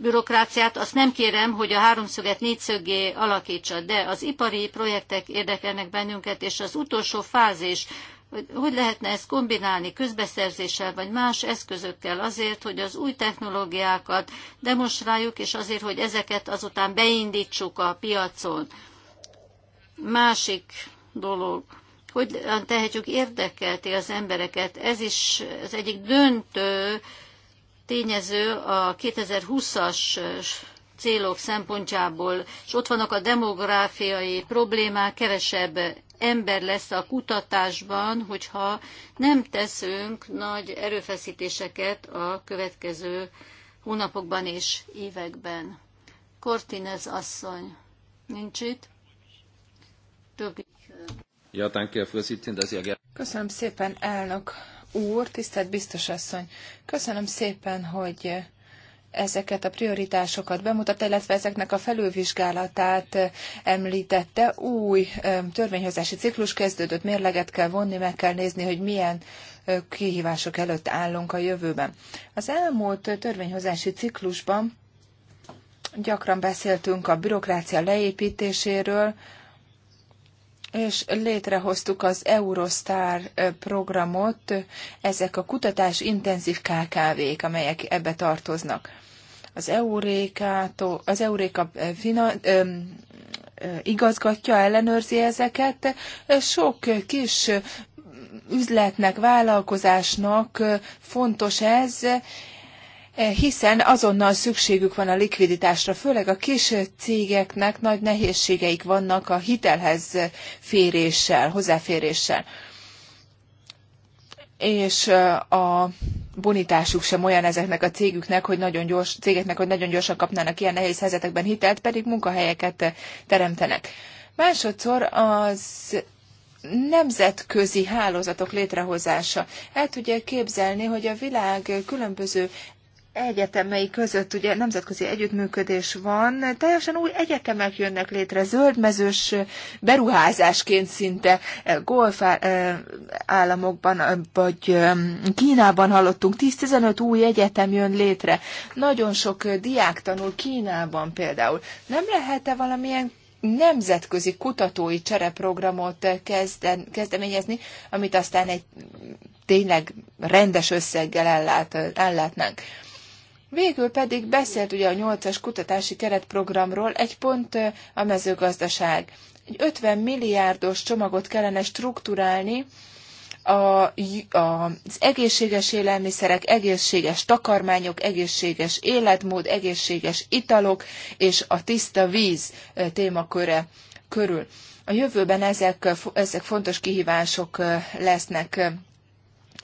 bürokráciát, azt nem kérem, hogy a háromszöget négyszögé alakítsa, de az ipari projektek érdekelnek bennünket, és az utolsó fázis, hogy, hogy lehetne ezt kombinálni közbeszerzéssel vagy más eszközökkel azért, hogy az új technológiákat demonstráljuk, és azért, hogy ezeket azután beindítsuk a piacon. Másik dolog, hogy tehetjük érdekelti az embereket. Ez is az egyik döntő tényező a 2020-as célok szempontjából, és ott vannak a demográfiai problémák, kevesebb ember lesz a kutatásban, hogyha nem teszünk nagy erőfeszítéseket a következő hónapokban és években. Kortinez asszony, nincs itt? Ja, Köszönöm szépen, elnök úr, tisztelt biztos asszony. Köszönöm szépen, hogy ezeket a prioritásokat bemutatta, illetve ezeknek a felülvizsgálatát eh, említette. Új eh, törvényhozási ciklus kezdődött, mérleget kell vonni, meg kell nézni, hogy milyen eh, kihívások előtt állunk a jövőben. Az elmúlt törvényhozási ciklusban gyakran beszéltünk a bürokrácia leépítéséről, és létrehoztuk az Eurostar programot, ezek a kutatás intenzív KKV-k, amelyek ebbe tartoznak. Az Euréka, az Euréka fina, öm, igazgatja, ellenőrzi ezeket. Sok kis üzletnek, vállalkozásnak fontos ez, Eh, hiszen azonnal szükségük van a likviditásra, főleg a kis cégeknek nagy nehézségeik vannak a hitelhez féréssel, hozzáféréssel. És eh, a bonitásuk sem olyan ezeknek a cégüknek, hogy nagyon gyors, cégeknek, hogy nagyon gyorsan kapnának ilyen nehéz helyzetekben hitelt, pedig munkahelyeket teremtenek. Másodszor az nemzetközi hálózatok létrehozása. El tudják képzelni, hogy a világ különböző egyetemei között ugye nemzetközi együttműködés van, teljesen új egyetemek jönnek létre, zöldmezős beruházásként szinte eh, golf eh, államokban, eh, vagy Kínában hallottunk, 10-15 új egyetem jön létre. Nagyon sok diák tanul Kínában például. Nem lehet-e valamilyen nemzetközi kutatói csereprogramot kezden, kezdeményezni, amit aztán egy tényleg rendes összeggel ellát, ellátnánk. Végül pedig beszélt ugye a nyolcas kutatási keretprogramról egy pont a mezőgazdaság. Egy 50 milliárdos csomagot kellene strukturálni, a, az egészséges élelmiszerek, egészséges takarmányok, egészséges életmód, egészséges italok és a tiszta víz témaköre körül. A jövőben ezek, ezek fontos kihívások lesznek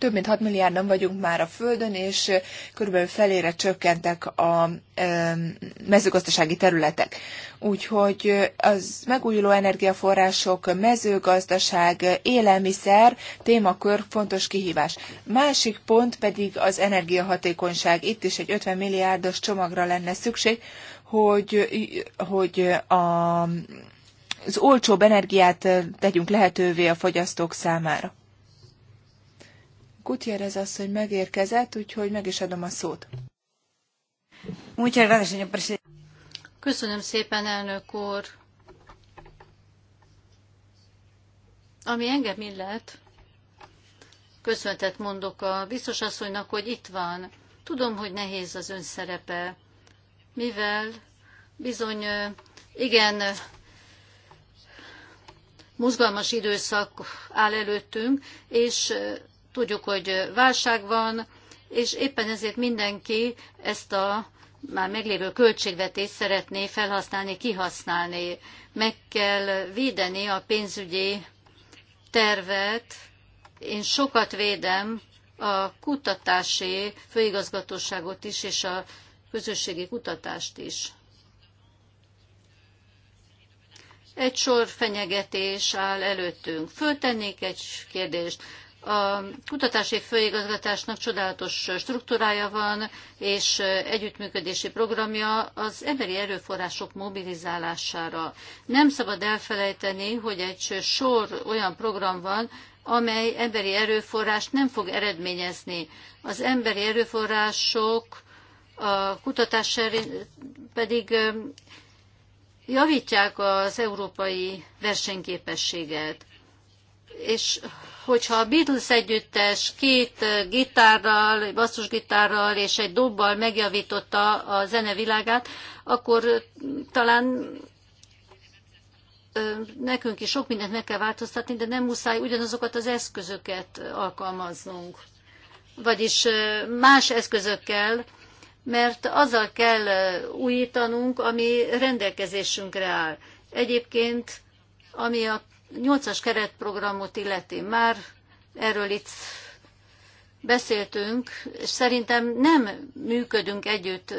több mint 6 milliárdan vagyunk már a Földön, és körülbelül felére csökkentek a mezőgazdasági területek. Úgyhogy az megújuló energiaforrások, mezőgazdaság, élelmiszer témakör fontos kihívás. Másik pont pedig az energiahatékonyság. Itt is egy 50 milliárdos csomagra lenne szükség, hogy, hogy a, az olcsóbb energiát tegyünk lehetővé a fogyasztók számára. Gutierrez asszony megérkezett, úgyhogy meg is adom a szót. Köszönöm szépen, elnök úr. Ami engem illet, köszöntet mondok a biztos asszonynak, hogy itt van. Tudom, hogy nehéz az ön szerepe, mivel bizony igen mozgalmas időszak áll előttünk, és Tudjuk, hogy válság van, és éppen ezért mindenki ezt a már meglévő költségvetést szeretné felhasználni, kihasználni. Meg kell védeni a pénzügyi tervet. Én sokat védem a kutatási főigazgatóságot is, és a közösségi kutatást is. Egy sor fenyegetés áll előttünk. Föltennék egy kérdést. A kutatási főigazgatásnak csodálatos struktúrája van, és együttműködési programja az emberi erőforrások mobilizálására. Nem szabad elfelejteni, hogy egy sor olyan program van, amely emberi erőforrást nem fog eredményezni. Az emberi erőforrások a kutatás pedig javítják az európai versenyképességet. És hogyha a Beatles együttes két eh, gitárral, basszusgitárral és egy dobbal megjavította a zene világát, akkor eh, talán eh, nekünk is sok mindent meg kell változtatni, de nem muszáj ugyanazokat az eszközöket alkalmaznunk. Vagyis más eszközökkel, mert azzal kell újítanunk, ami rendelkezésünkre áll. Egyébként, ami a nyolcas keretprogramot illeti már, erről itt beszéltünk, és szerintem nem működünk együtt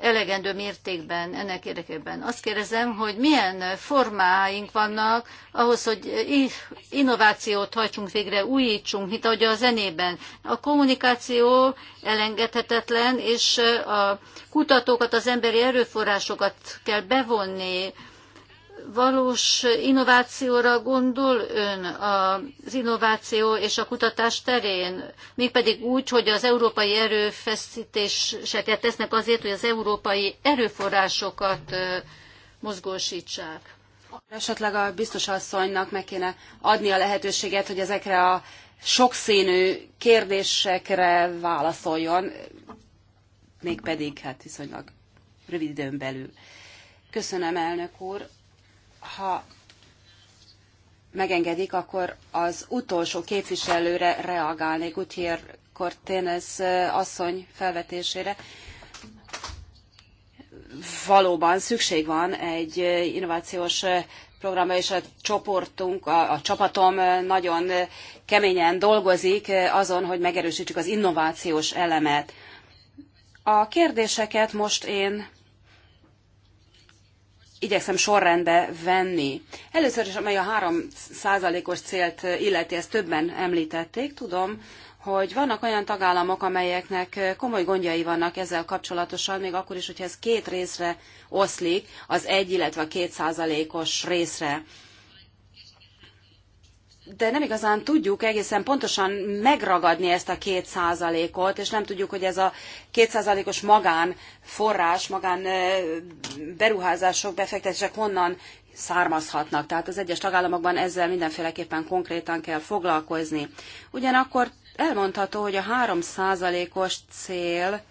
elegendő mértékben ennek érdekében. Azt kérdezem, hogy milyen formáink vannak ahhoz, hogy innovációt hajtsunk végre, újítsunk, mint ahogy a zenében. A kommunikáció elengedhetetlen, és a kutatókat, az emberi erőforrásokat kell bevonni, valós innovációra gondol ön az innováció és a kutatás terén, mégpedig úgy, hogy az európai erőfeszítéseket tesznek azért, hogy az európai erőforrásokat mozgósítsák. Esetleg a biztos asszonynak meg kéne adni a lehetőséget, hogy ezekre a sokszínű kérdésekre válaszoljon, mégpedig hát viszonylag rövid időn belül. Köszönöm, elnök úr ha megengedik, akkor az utolsó képviselőre reagálnék, Gutier Corténez asszony felvetésére. Valóban szükség van egy innovációs programra, és a csoportunk, a, a csapatom nagyon keményen dolgozik azon, hogy megerősítsük az innovációs elemet. A kérdéseket most én igyekszem sorrendbe venni. Először is, amely a 3 százalékos célt illeti, ezt többen említették, tudom, hogy vannak olyan tagállamok, amelyeknek komoly gondjai vannak ezzel kapcsolatosan, még akkor is, hogyha ez két részre oszlik, az egy, illetve a két százalékos részre de nem igazán tudjuk egészen pontosan megragadni ezt a két százalékot, és nem tudjuk, hogy ez a két százalékos magán forrás, magán beruházások, befektetések honnan származhatnak. Tehát az egyes tagállamokban ezzel mindenféleképpen konkrétan kell foglalkozni. Ugyanakkor elmondható, hogy a 3 százalékos cél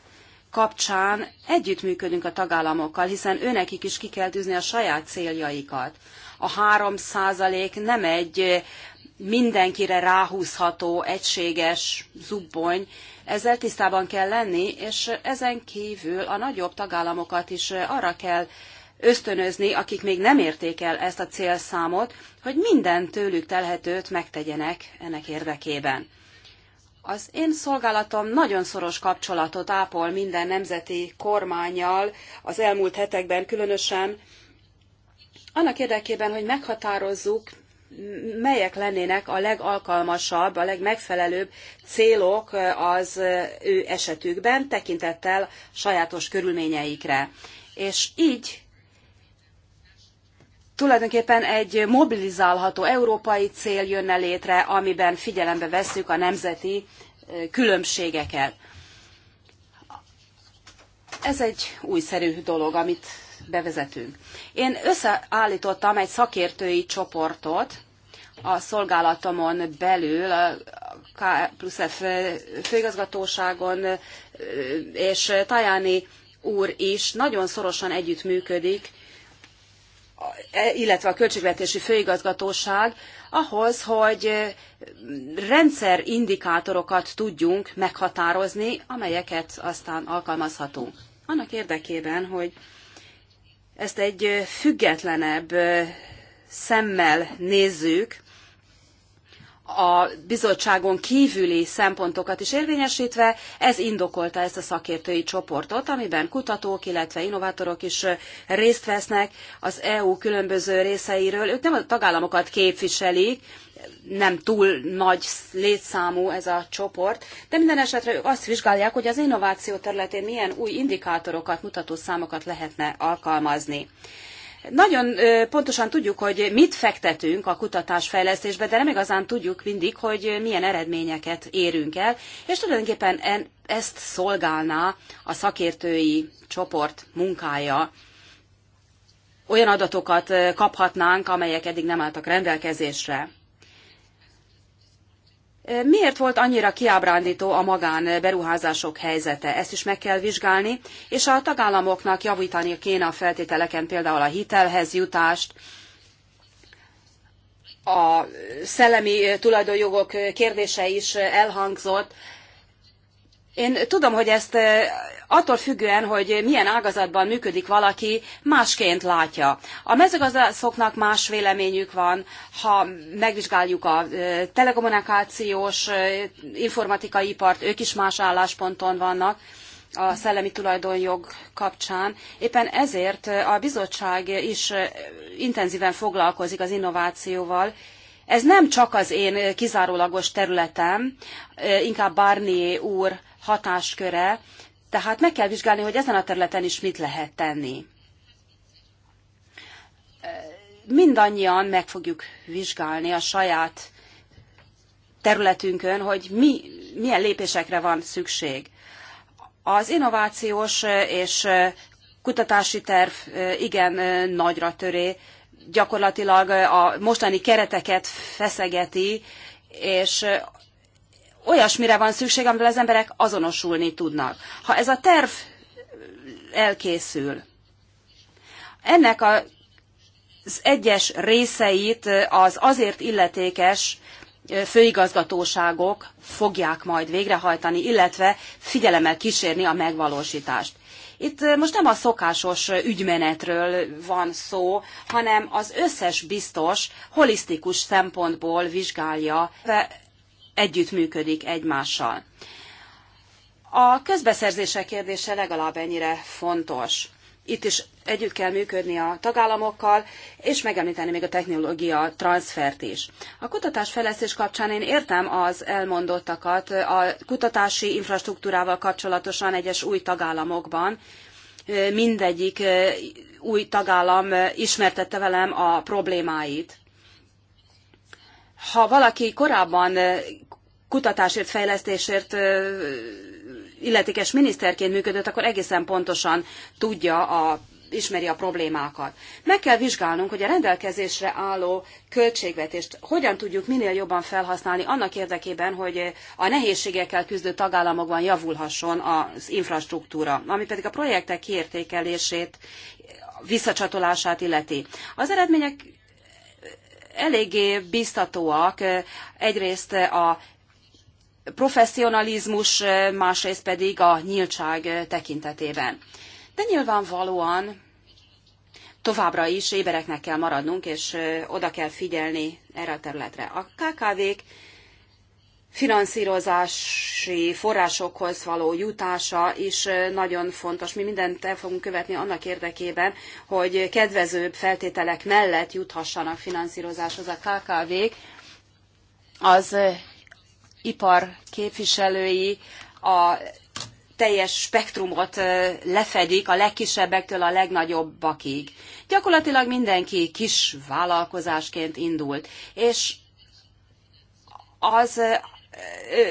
kapcsán együttműködünk a tagállamokkal, hiszen őnekik is ki kell tűzni a saját céljaikat. A 3% nem egy mindenkire ráhúzható, egységes zubbony, ezzel tisztában kell lenni, és ezen kívül a nagyobb tagállamokat is arra kell ösztönözni, akik még nem érték el ezt a célszámot, hogy minden tőlük telhetőt megtegyenek ennek érdekében. Az én szolgálatom nagyon szoros kapcsolatot ápol minden nemzeti kormányjal az elmúlt hetekben különösen, annak érdekében, hogy meghatározzuk, melyek lennének a legalkalmasabb, a legmegfelelőbb célok az ő esetükben, tekintettel sajátos körülményeikre. És így tulajdonképpen egy mobilizálható európai cél jönne létre, amiben figyelembe vesszük a nemzeti különbségeket. Ez egy újszerű dolog, amit bevezetünk. Én összeállítottam egy szakértői csoportot, a szolgálatomon belül, a K plusz F főigazgatóságon és Tajani úr is nagyon szorosan együttműködik, e, illetve a Költségvetési Főigazgatóság ahhoz, hogy rendszerindikátorokat tudjunk meghatározni, amelyeket aztán alkalmazhatunk. Annak érdekében, hogy ezt egy függetlenebb szemmel nézzük, a bizottságon kívüli szempontokat is érvényesítve, ez indokolta ezt a szakértői csoportot, amiben kutatók, illetve innovátorok is részt vesznek az EU különböző részeiről. Ők nem a tagállamokat képviselik, nem túl nagy létszámú ez a csoport, de minden esetre ők azt vizsgálják, hogy az innováció területén milyen új indikátorokat, mutató számokat lehetne alkalmazni. Nagyon pontosan tudjuk, hogy mit fektetünk a kutatásfejlesztésbe, de nem igazán tudjuk mindig, hogy milyen eredményeket érünk el, és tulajdonképpen ezt szolgálná a szakértői csoport munkája. Olyan adatokat kaphatnánk, amelyek eddig nem álltak rendelkezésre. Miért volt annyira kiábrándító a magánberuházások helyzete? Ezt is meg kell vizsgálni, és a tagállamoknak javítani kéne a feltételeken például a hitelhez jutást, a szellemi tulajdonjogok kérdése is elhangzott. Én tudom, hogy ezt attól függően, hogy milyen ágazatban működik valaki, másként látja. A mezőgazdaszoknak más véleményük van, ha megvizsgáljuk a telekommunikációs, informatikai ipart, ők is más állásponton vannak a szellemi tulajdonjog kapcsán. Éppen ezért a bizottság is intenzíven foglalkozik az innovációval, ez nem csak az én kizárólagos területem, inkább Barnier úr hatásköre, tehát meg kell vizsgálni, hogy ezen a területen is mit lehet tenni. Mindannyian meg fogjuk vizsgálni a saját területünkön, hogy mi, milyen lépésekre van szükség. Az innovációs és kutatási terv igen nagyra töré, gyakorlatilag a mostani kereteket feszegeti, és olyasmire van szükség, amivel az emberek azonosulni tudnak. Ha ez a terv elkészül, ennek az egyes részeit az azért illetékes főigazgatóságok fogják majd végrehajtani, illetve figyelemmel kísérni a megvalósítást. Itt most nem a szokásos ügymenetről van szó, hanem az összes biztos holisztikus szempontból vizsgálja, együttműködik egymással. A közbeszerzések kérdése legalább ennyire fontos itt is együtt kell működni a tagállamokkal, és megemlíteni még a technológia transfert is. A kutatásfejlesztés kapcsán én értem az elmondottakat a kutatási infrastruktúrával kapcsolatosan egyes új tagállamokban. Mindegyik új tagállam ismertette velem a problémáit. Ha valaki korábban kutatásért, fejlesztésért illetékes miniszterként működött, akkor egészen pontosan tudja a ismeri a problémákat. Meg kell vizsgálnunk, hogy a rendelkezésre álló költségvetést hogyan tudjuk minél jobban felhasználni annak érdekében, hogy a nehézségekkel küzdő tagállamokban javulhasson az infrastruktúra, ami pedig a projektek kiértékelését, visszacsatolását illeti. Az eredmények eléggé biztatóak. Egyrészt a professzionalizmus, másrészt pedig a nyíltság tekintetében. De nyilvánvalóan továbbra is ébereknek kell maradnunk, és oda kell figyelni erre a területre. A KKV-k finanszírozási forrásokhoz való jutása is nagyon fontos. Mi mindent el fogunk követni annak érdekében, hogy kedvezőbb feltételek mellett juthassanak finanszírozáshoz a KKV-k. Az ipar képviselői a teljes spektrumot lefedik a legkisebbektől a legnagyobbakig. Gyakorlatilag mindenki kis vállalkozásként indult, és az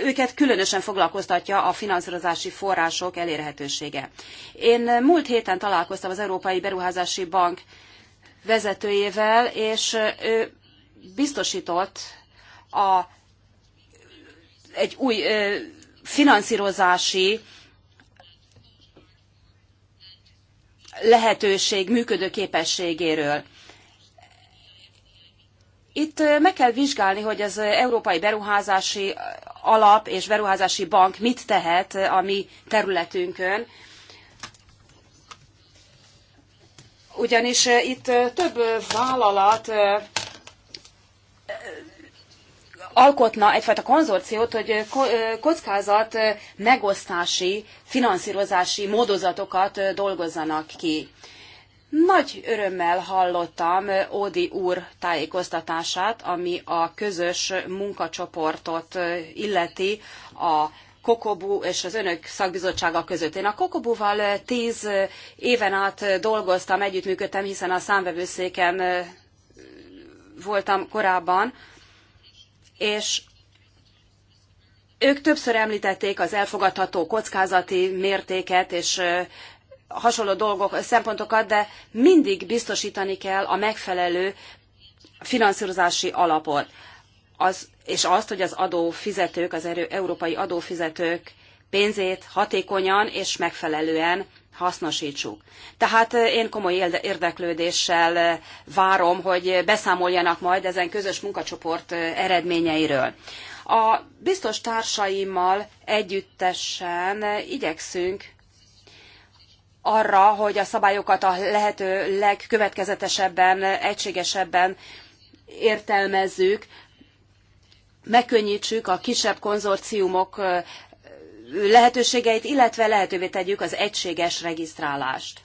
őket különösen foglalkoztatja a finanszírozási források elérhetősége. Én múlt héten találkoztam az Európai Beruházási Bank vezetőjével, és ő biztosított a egy új finanszírozási lehetőség működőképességéről. Itt meg kell vizsgálni, hogy az Európai Beruházási Alap és Beruházási Bank mit tehet a mi területünkön. Ugyanis itt több vállalat alkotna egyfajta konzorciót, hogy kockázat megosztási, finanszírozási módozatokat dolgozzanak ki. Nagy örömmel hallottam Ódi úr tájékoztatását, ami a közös munkacsoportot illeti a Kokobu és az önök szakbizottsága között. Én a Kokobuval tíz éven át dolgoztam, együttműködtem, hiszen a számvevőszéken voltam korábban, és ők többször említették az elfogadható kockázati mértéket és hasonló dolgok, szempontokat, de mindig biztosítani kell a megfelelő finanszírozási alapot. Az, és azt, hogy az adófizetők, az erő, európai adófizetők pénzét hatékonyan és megfelelően hasznosítsuk. Tehát én komoly érdeklődéssel várom, hogy beszámoljanak majd ezen közös munkacsoport eredményeiről. A biztos társaimmal együttesen igyekszünk arra, hogy a szabályokat a lehető legkövetkezetesebben, egységesebben értelmezzük, megkönnyítsük a kisebb konzorciumok lehetőségeit, illetve lehetővé tegyük az egységes regisztrálást.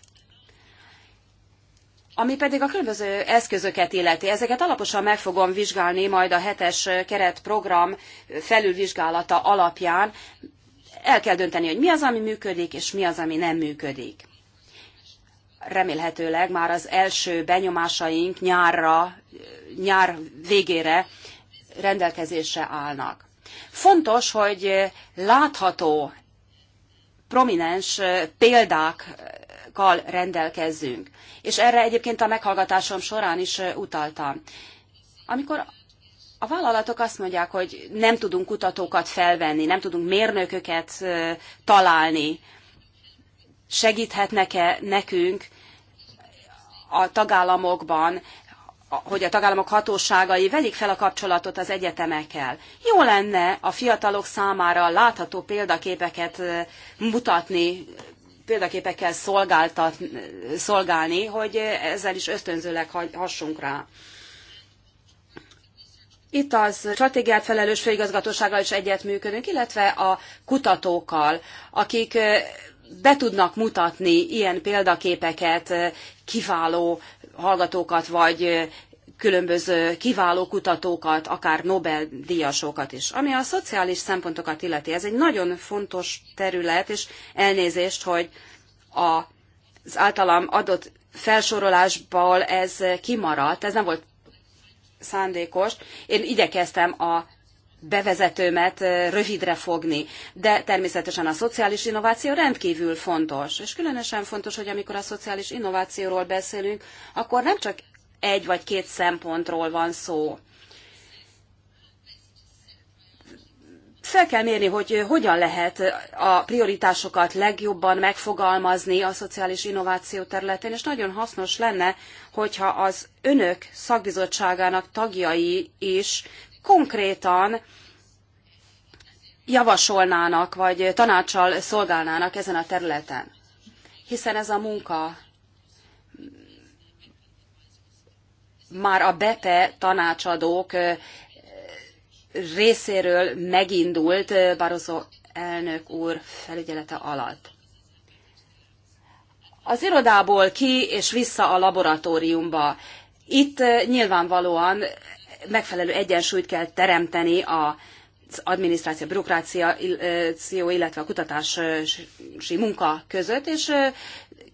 Ami pedig a különböző eszközöket illeti, ezeket alaposan meg fogom vizsgálni majd a hetes keretprogram felülvizsgálata alapján. El kell dönteni, hogy mi az, ami működik, és mi az, ami nem működik. Remélhetőleg már az első benyomásaink nyárra, nyár végére rendelkezésre állnak. Fontos, hogy eh, látható, prominens eh, példákkal rendelkezzünk. És erre egyébként a meghallgatásom során is eh, utaltam. Amikor a vállalatok azt mondják, hogy nem tudunk kutatókat felvenni, nem tudunk mérnököket találni, segíthetnek-e nekünk a tagállamokban hogy a tagállamok hatóságai velik fel a kapcsolatot az egyetemekkel. Jó lenne a fiatalok számára látható példaképeket mutatni, példaképekkel szolgáltat, szolgálni, hogy ezzel is ösztönzőleg hassunk rá. Itt az stratégiát felelős főigazgatósággal is egyetműködünk, illetve a kutatókkal, akik be tudnak mutatni ilyen példaképeket, kiváló hallgatókat, vagy különböző kiváló kutatókat, akár Nobel-díjasokat is. Ami a szociális szempontokat illeti, ez egy nagyon fontos terület, és elnézést, hogy a, az általam adott felsorolásból ez kimaradt, ez nem volt szándékos. Én igyekeztem a bevezetőmet rövidre fogni, de természetesen a szociális innováció rendkívül fontos, és különösen fontos, hogy amikor a szociális innovációról beszélünk, akkor nem csak egy vagy két szempontról van szó. Fel kell mérni, hogy hogyan lehet a prioritásokat legjobban megfogalmazni a szociális innováció területén, és nagyon hasznos lenne, hogyha az önök szakbizottságának tagjai is konkrétan javasolnának, vagy tanácsal szolgálnának ezen a területen. Hiszen ez a munka már a BEPE tanácsadók részéről megindult Barroso elnök úr felügyelete alatt. Az irodából ki és vissza a laboratóriumba. Itt nyilvánvalóan megfelelő egyensúlyt kell teremteni a az adminisztráció, bürokráció, illetve a kutatási munka között, és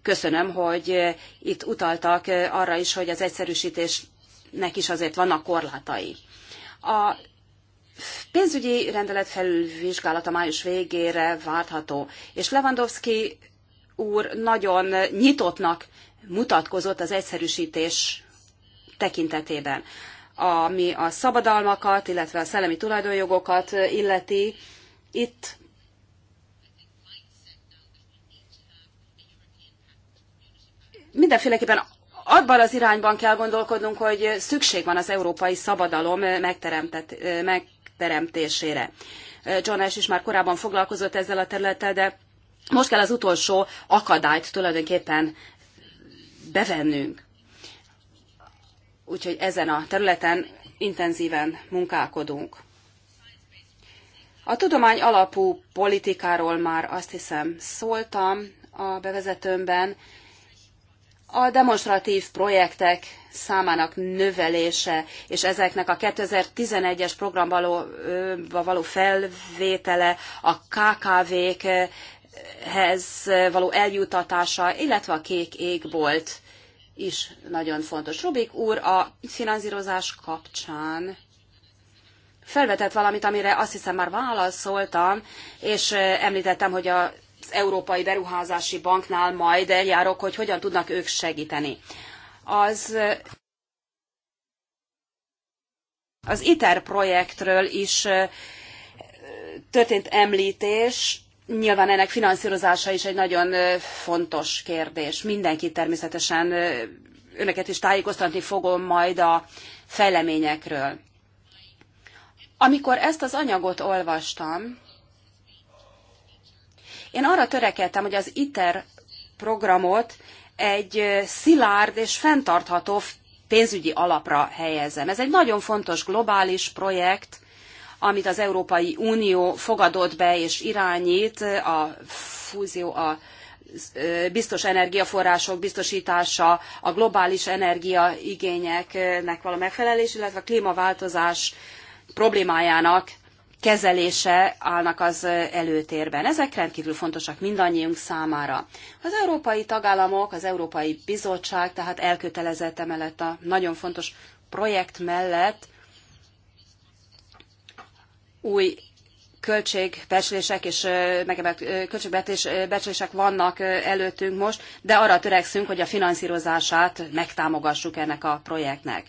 köszönöm, hogy itt utaltak arra is, hogy az egyszerűsítésnek is azért vannak korlátai. A pénzügyi rendelet felülvizsgálata május végére várható, és Lewandowski úr nagyon nyitottnak mutatkozott az egyszerűsítés tekintetében ami a szabadalmakat, illetve a szellemi tulajdonjogokat illeti. Itt mindenféleképpen abban az irányban kell gondolkodnunk, hogy szükség van az európai szabadalom megteremtésére. John Ash is már korábban foglalkozott ezzel a területtel, de most kell az utolsó akadályt tulajdonképpen bevennünk. Úgyhogy ezen a területen intenzíven munkálkodunk. A tudomány alapú politikáról már azt hiszem szóltam a bevezetőmben. A demonstratív projektek számának növelése és ezeknek a 2011-es programba való, felvétele, a KKV-khez való eljutatása, illetve a kék égbolt is nagyon fontos. Rubik úr a finanszírozás kapcsán felvetett valamit, amire azt hiszem már válaszoltam, és említettem, hogy az Európai Beruházási Banknál majd eljárok, hogy hogyan tudnak ők segíteni. Az az ITER projektről is történt említés, Nyilván ennek finanszírozása is egy nagyon fontos kérdés. Mindenki természetesen önöket is tájékoztatni fogom majd a fejleményekről. Amikor ezt az anyagot olvastam, én arra törekedtem, hogy az ITER programot egy szilárd és fenntartható pénzügyi alapra helyezem. Ez egy nagyon fontos globális projekt, amit az Európai Unió fogadott be és irányít, a fúzió, a biztos energiaforrások biztosítása, a globális energiaigényeknek való megfelelés, illetve a klímaváltozás problémájának kezelése állnak az előtérben. Ezek rendkívül fontosak mindannyiunk számára. Az európai tagállamok, az Európai Bizottság tehát elkötelezett emellett a nagyon fontos projekt mellett, új költségbecslések és megemelt költségbecslések vannak előttünk most, de arra törekszünk, hogy a finanszírozását megtámogassuk ennek a projektnek.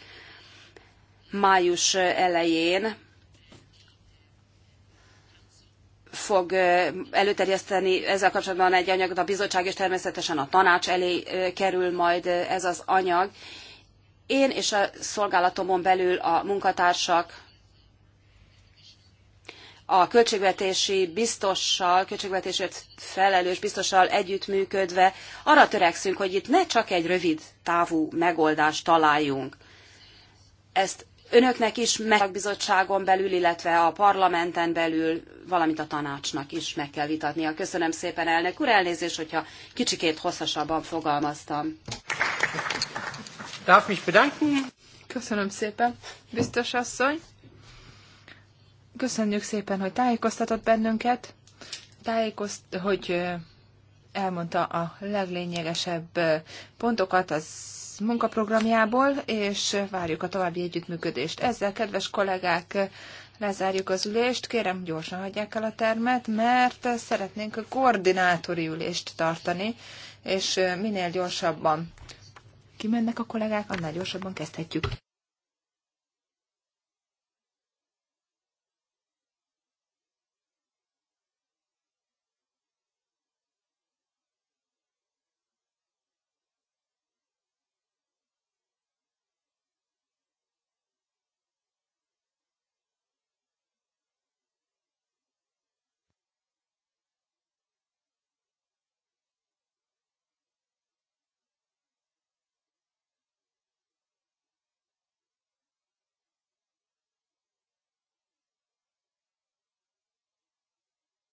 Május elején fog előterjeszteni ezzel kapcsolatban egy anyagot a bizottság, és természetesen a tanács elé kerül majd ez az anyag. Én és a szolgálatomon belül a munkatársak a költségvetési biztossal, költségvetésért felelős biztossal együttműködve arra törekszünk, hogy itt ne csak egy rövid távú megoldást találjunk. Ezt önöknek is, meg bizottságon belül, illetve a parlamenten belül, valamint a tanácsnak is meg kell vitatnia. Köszönöm szépen, elnök úr, elnézést, hogyha kicsikét hosszasabban fogalmaztam. Darf mich bedanken. Köszönöm szépen, biztos asszony. Köszönjük szépen, hogy tájékoztatott bennünket, tájékozt, hogy elmondta a leglényegesebb pontokat az munkaprogramjából, és várjuk a további együttműködést. Ezzel, kedves kollégák, lezárjuk az ülést. Kérem, gyorsan hagyják el a termet, mert szeretnénk a koordinátori ülést tartani, és minél gyorsabban kimennek a kollégák, annál gyorsabban kezdhetjük.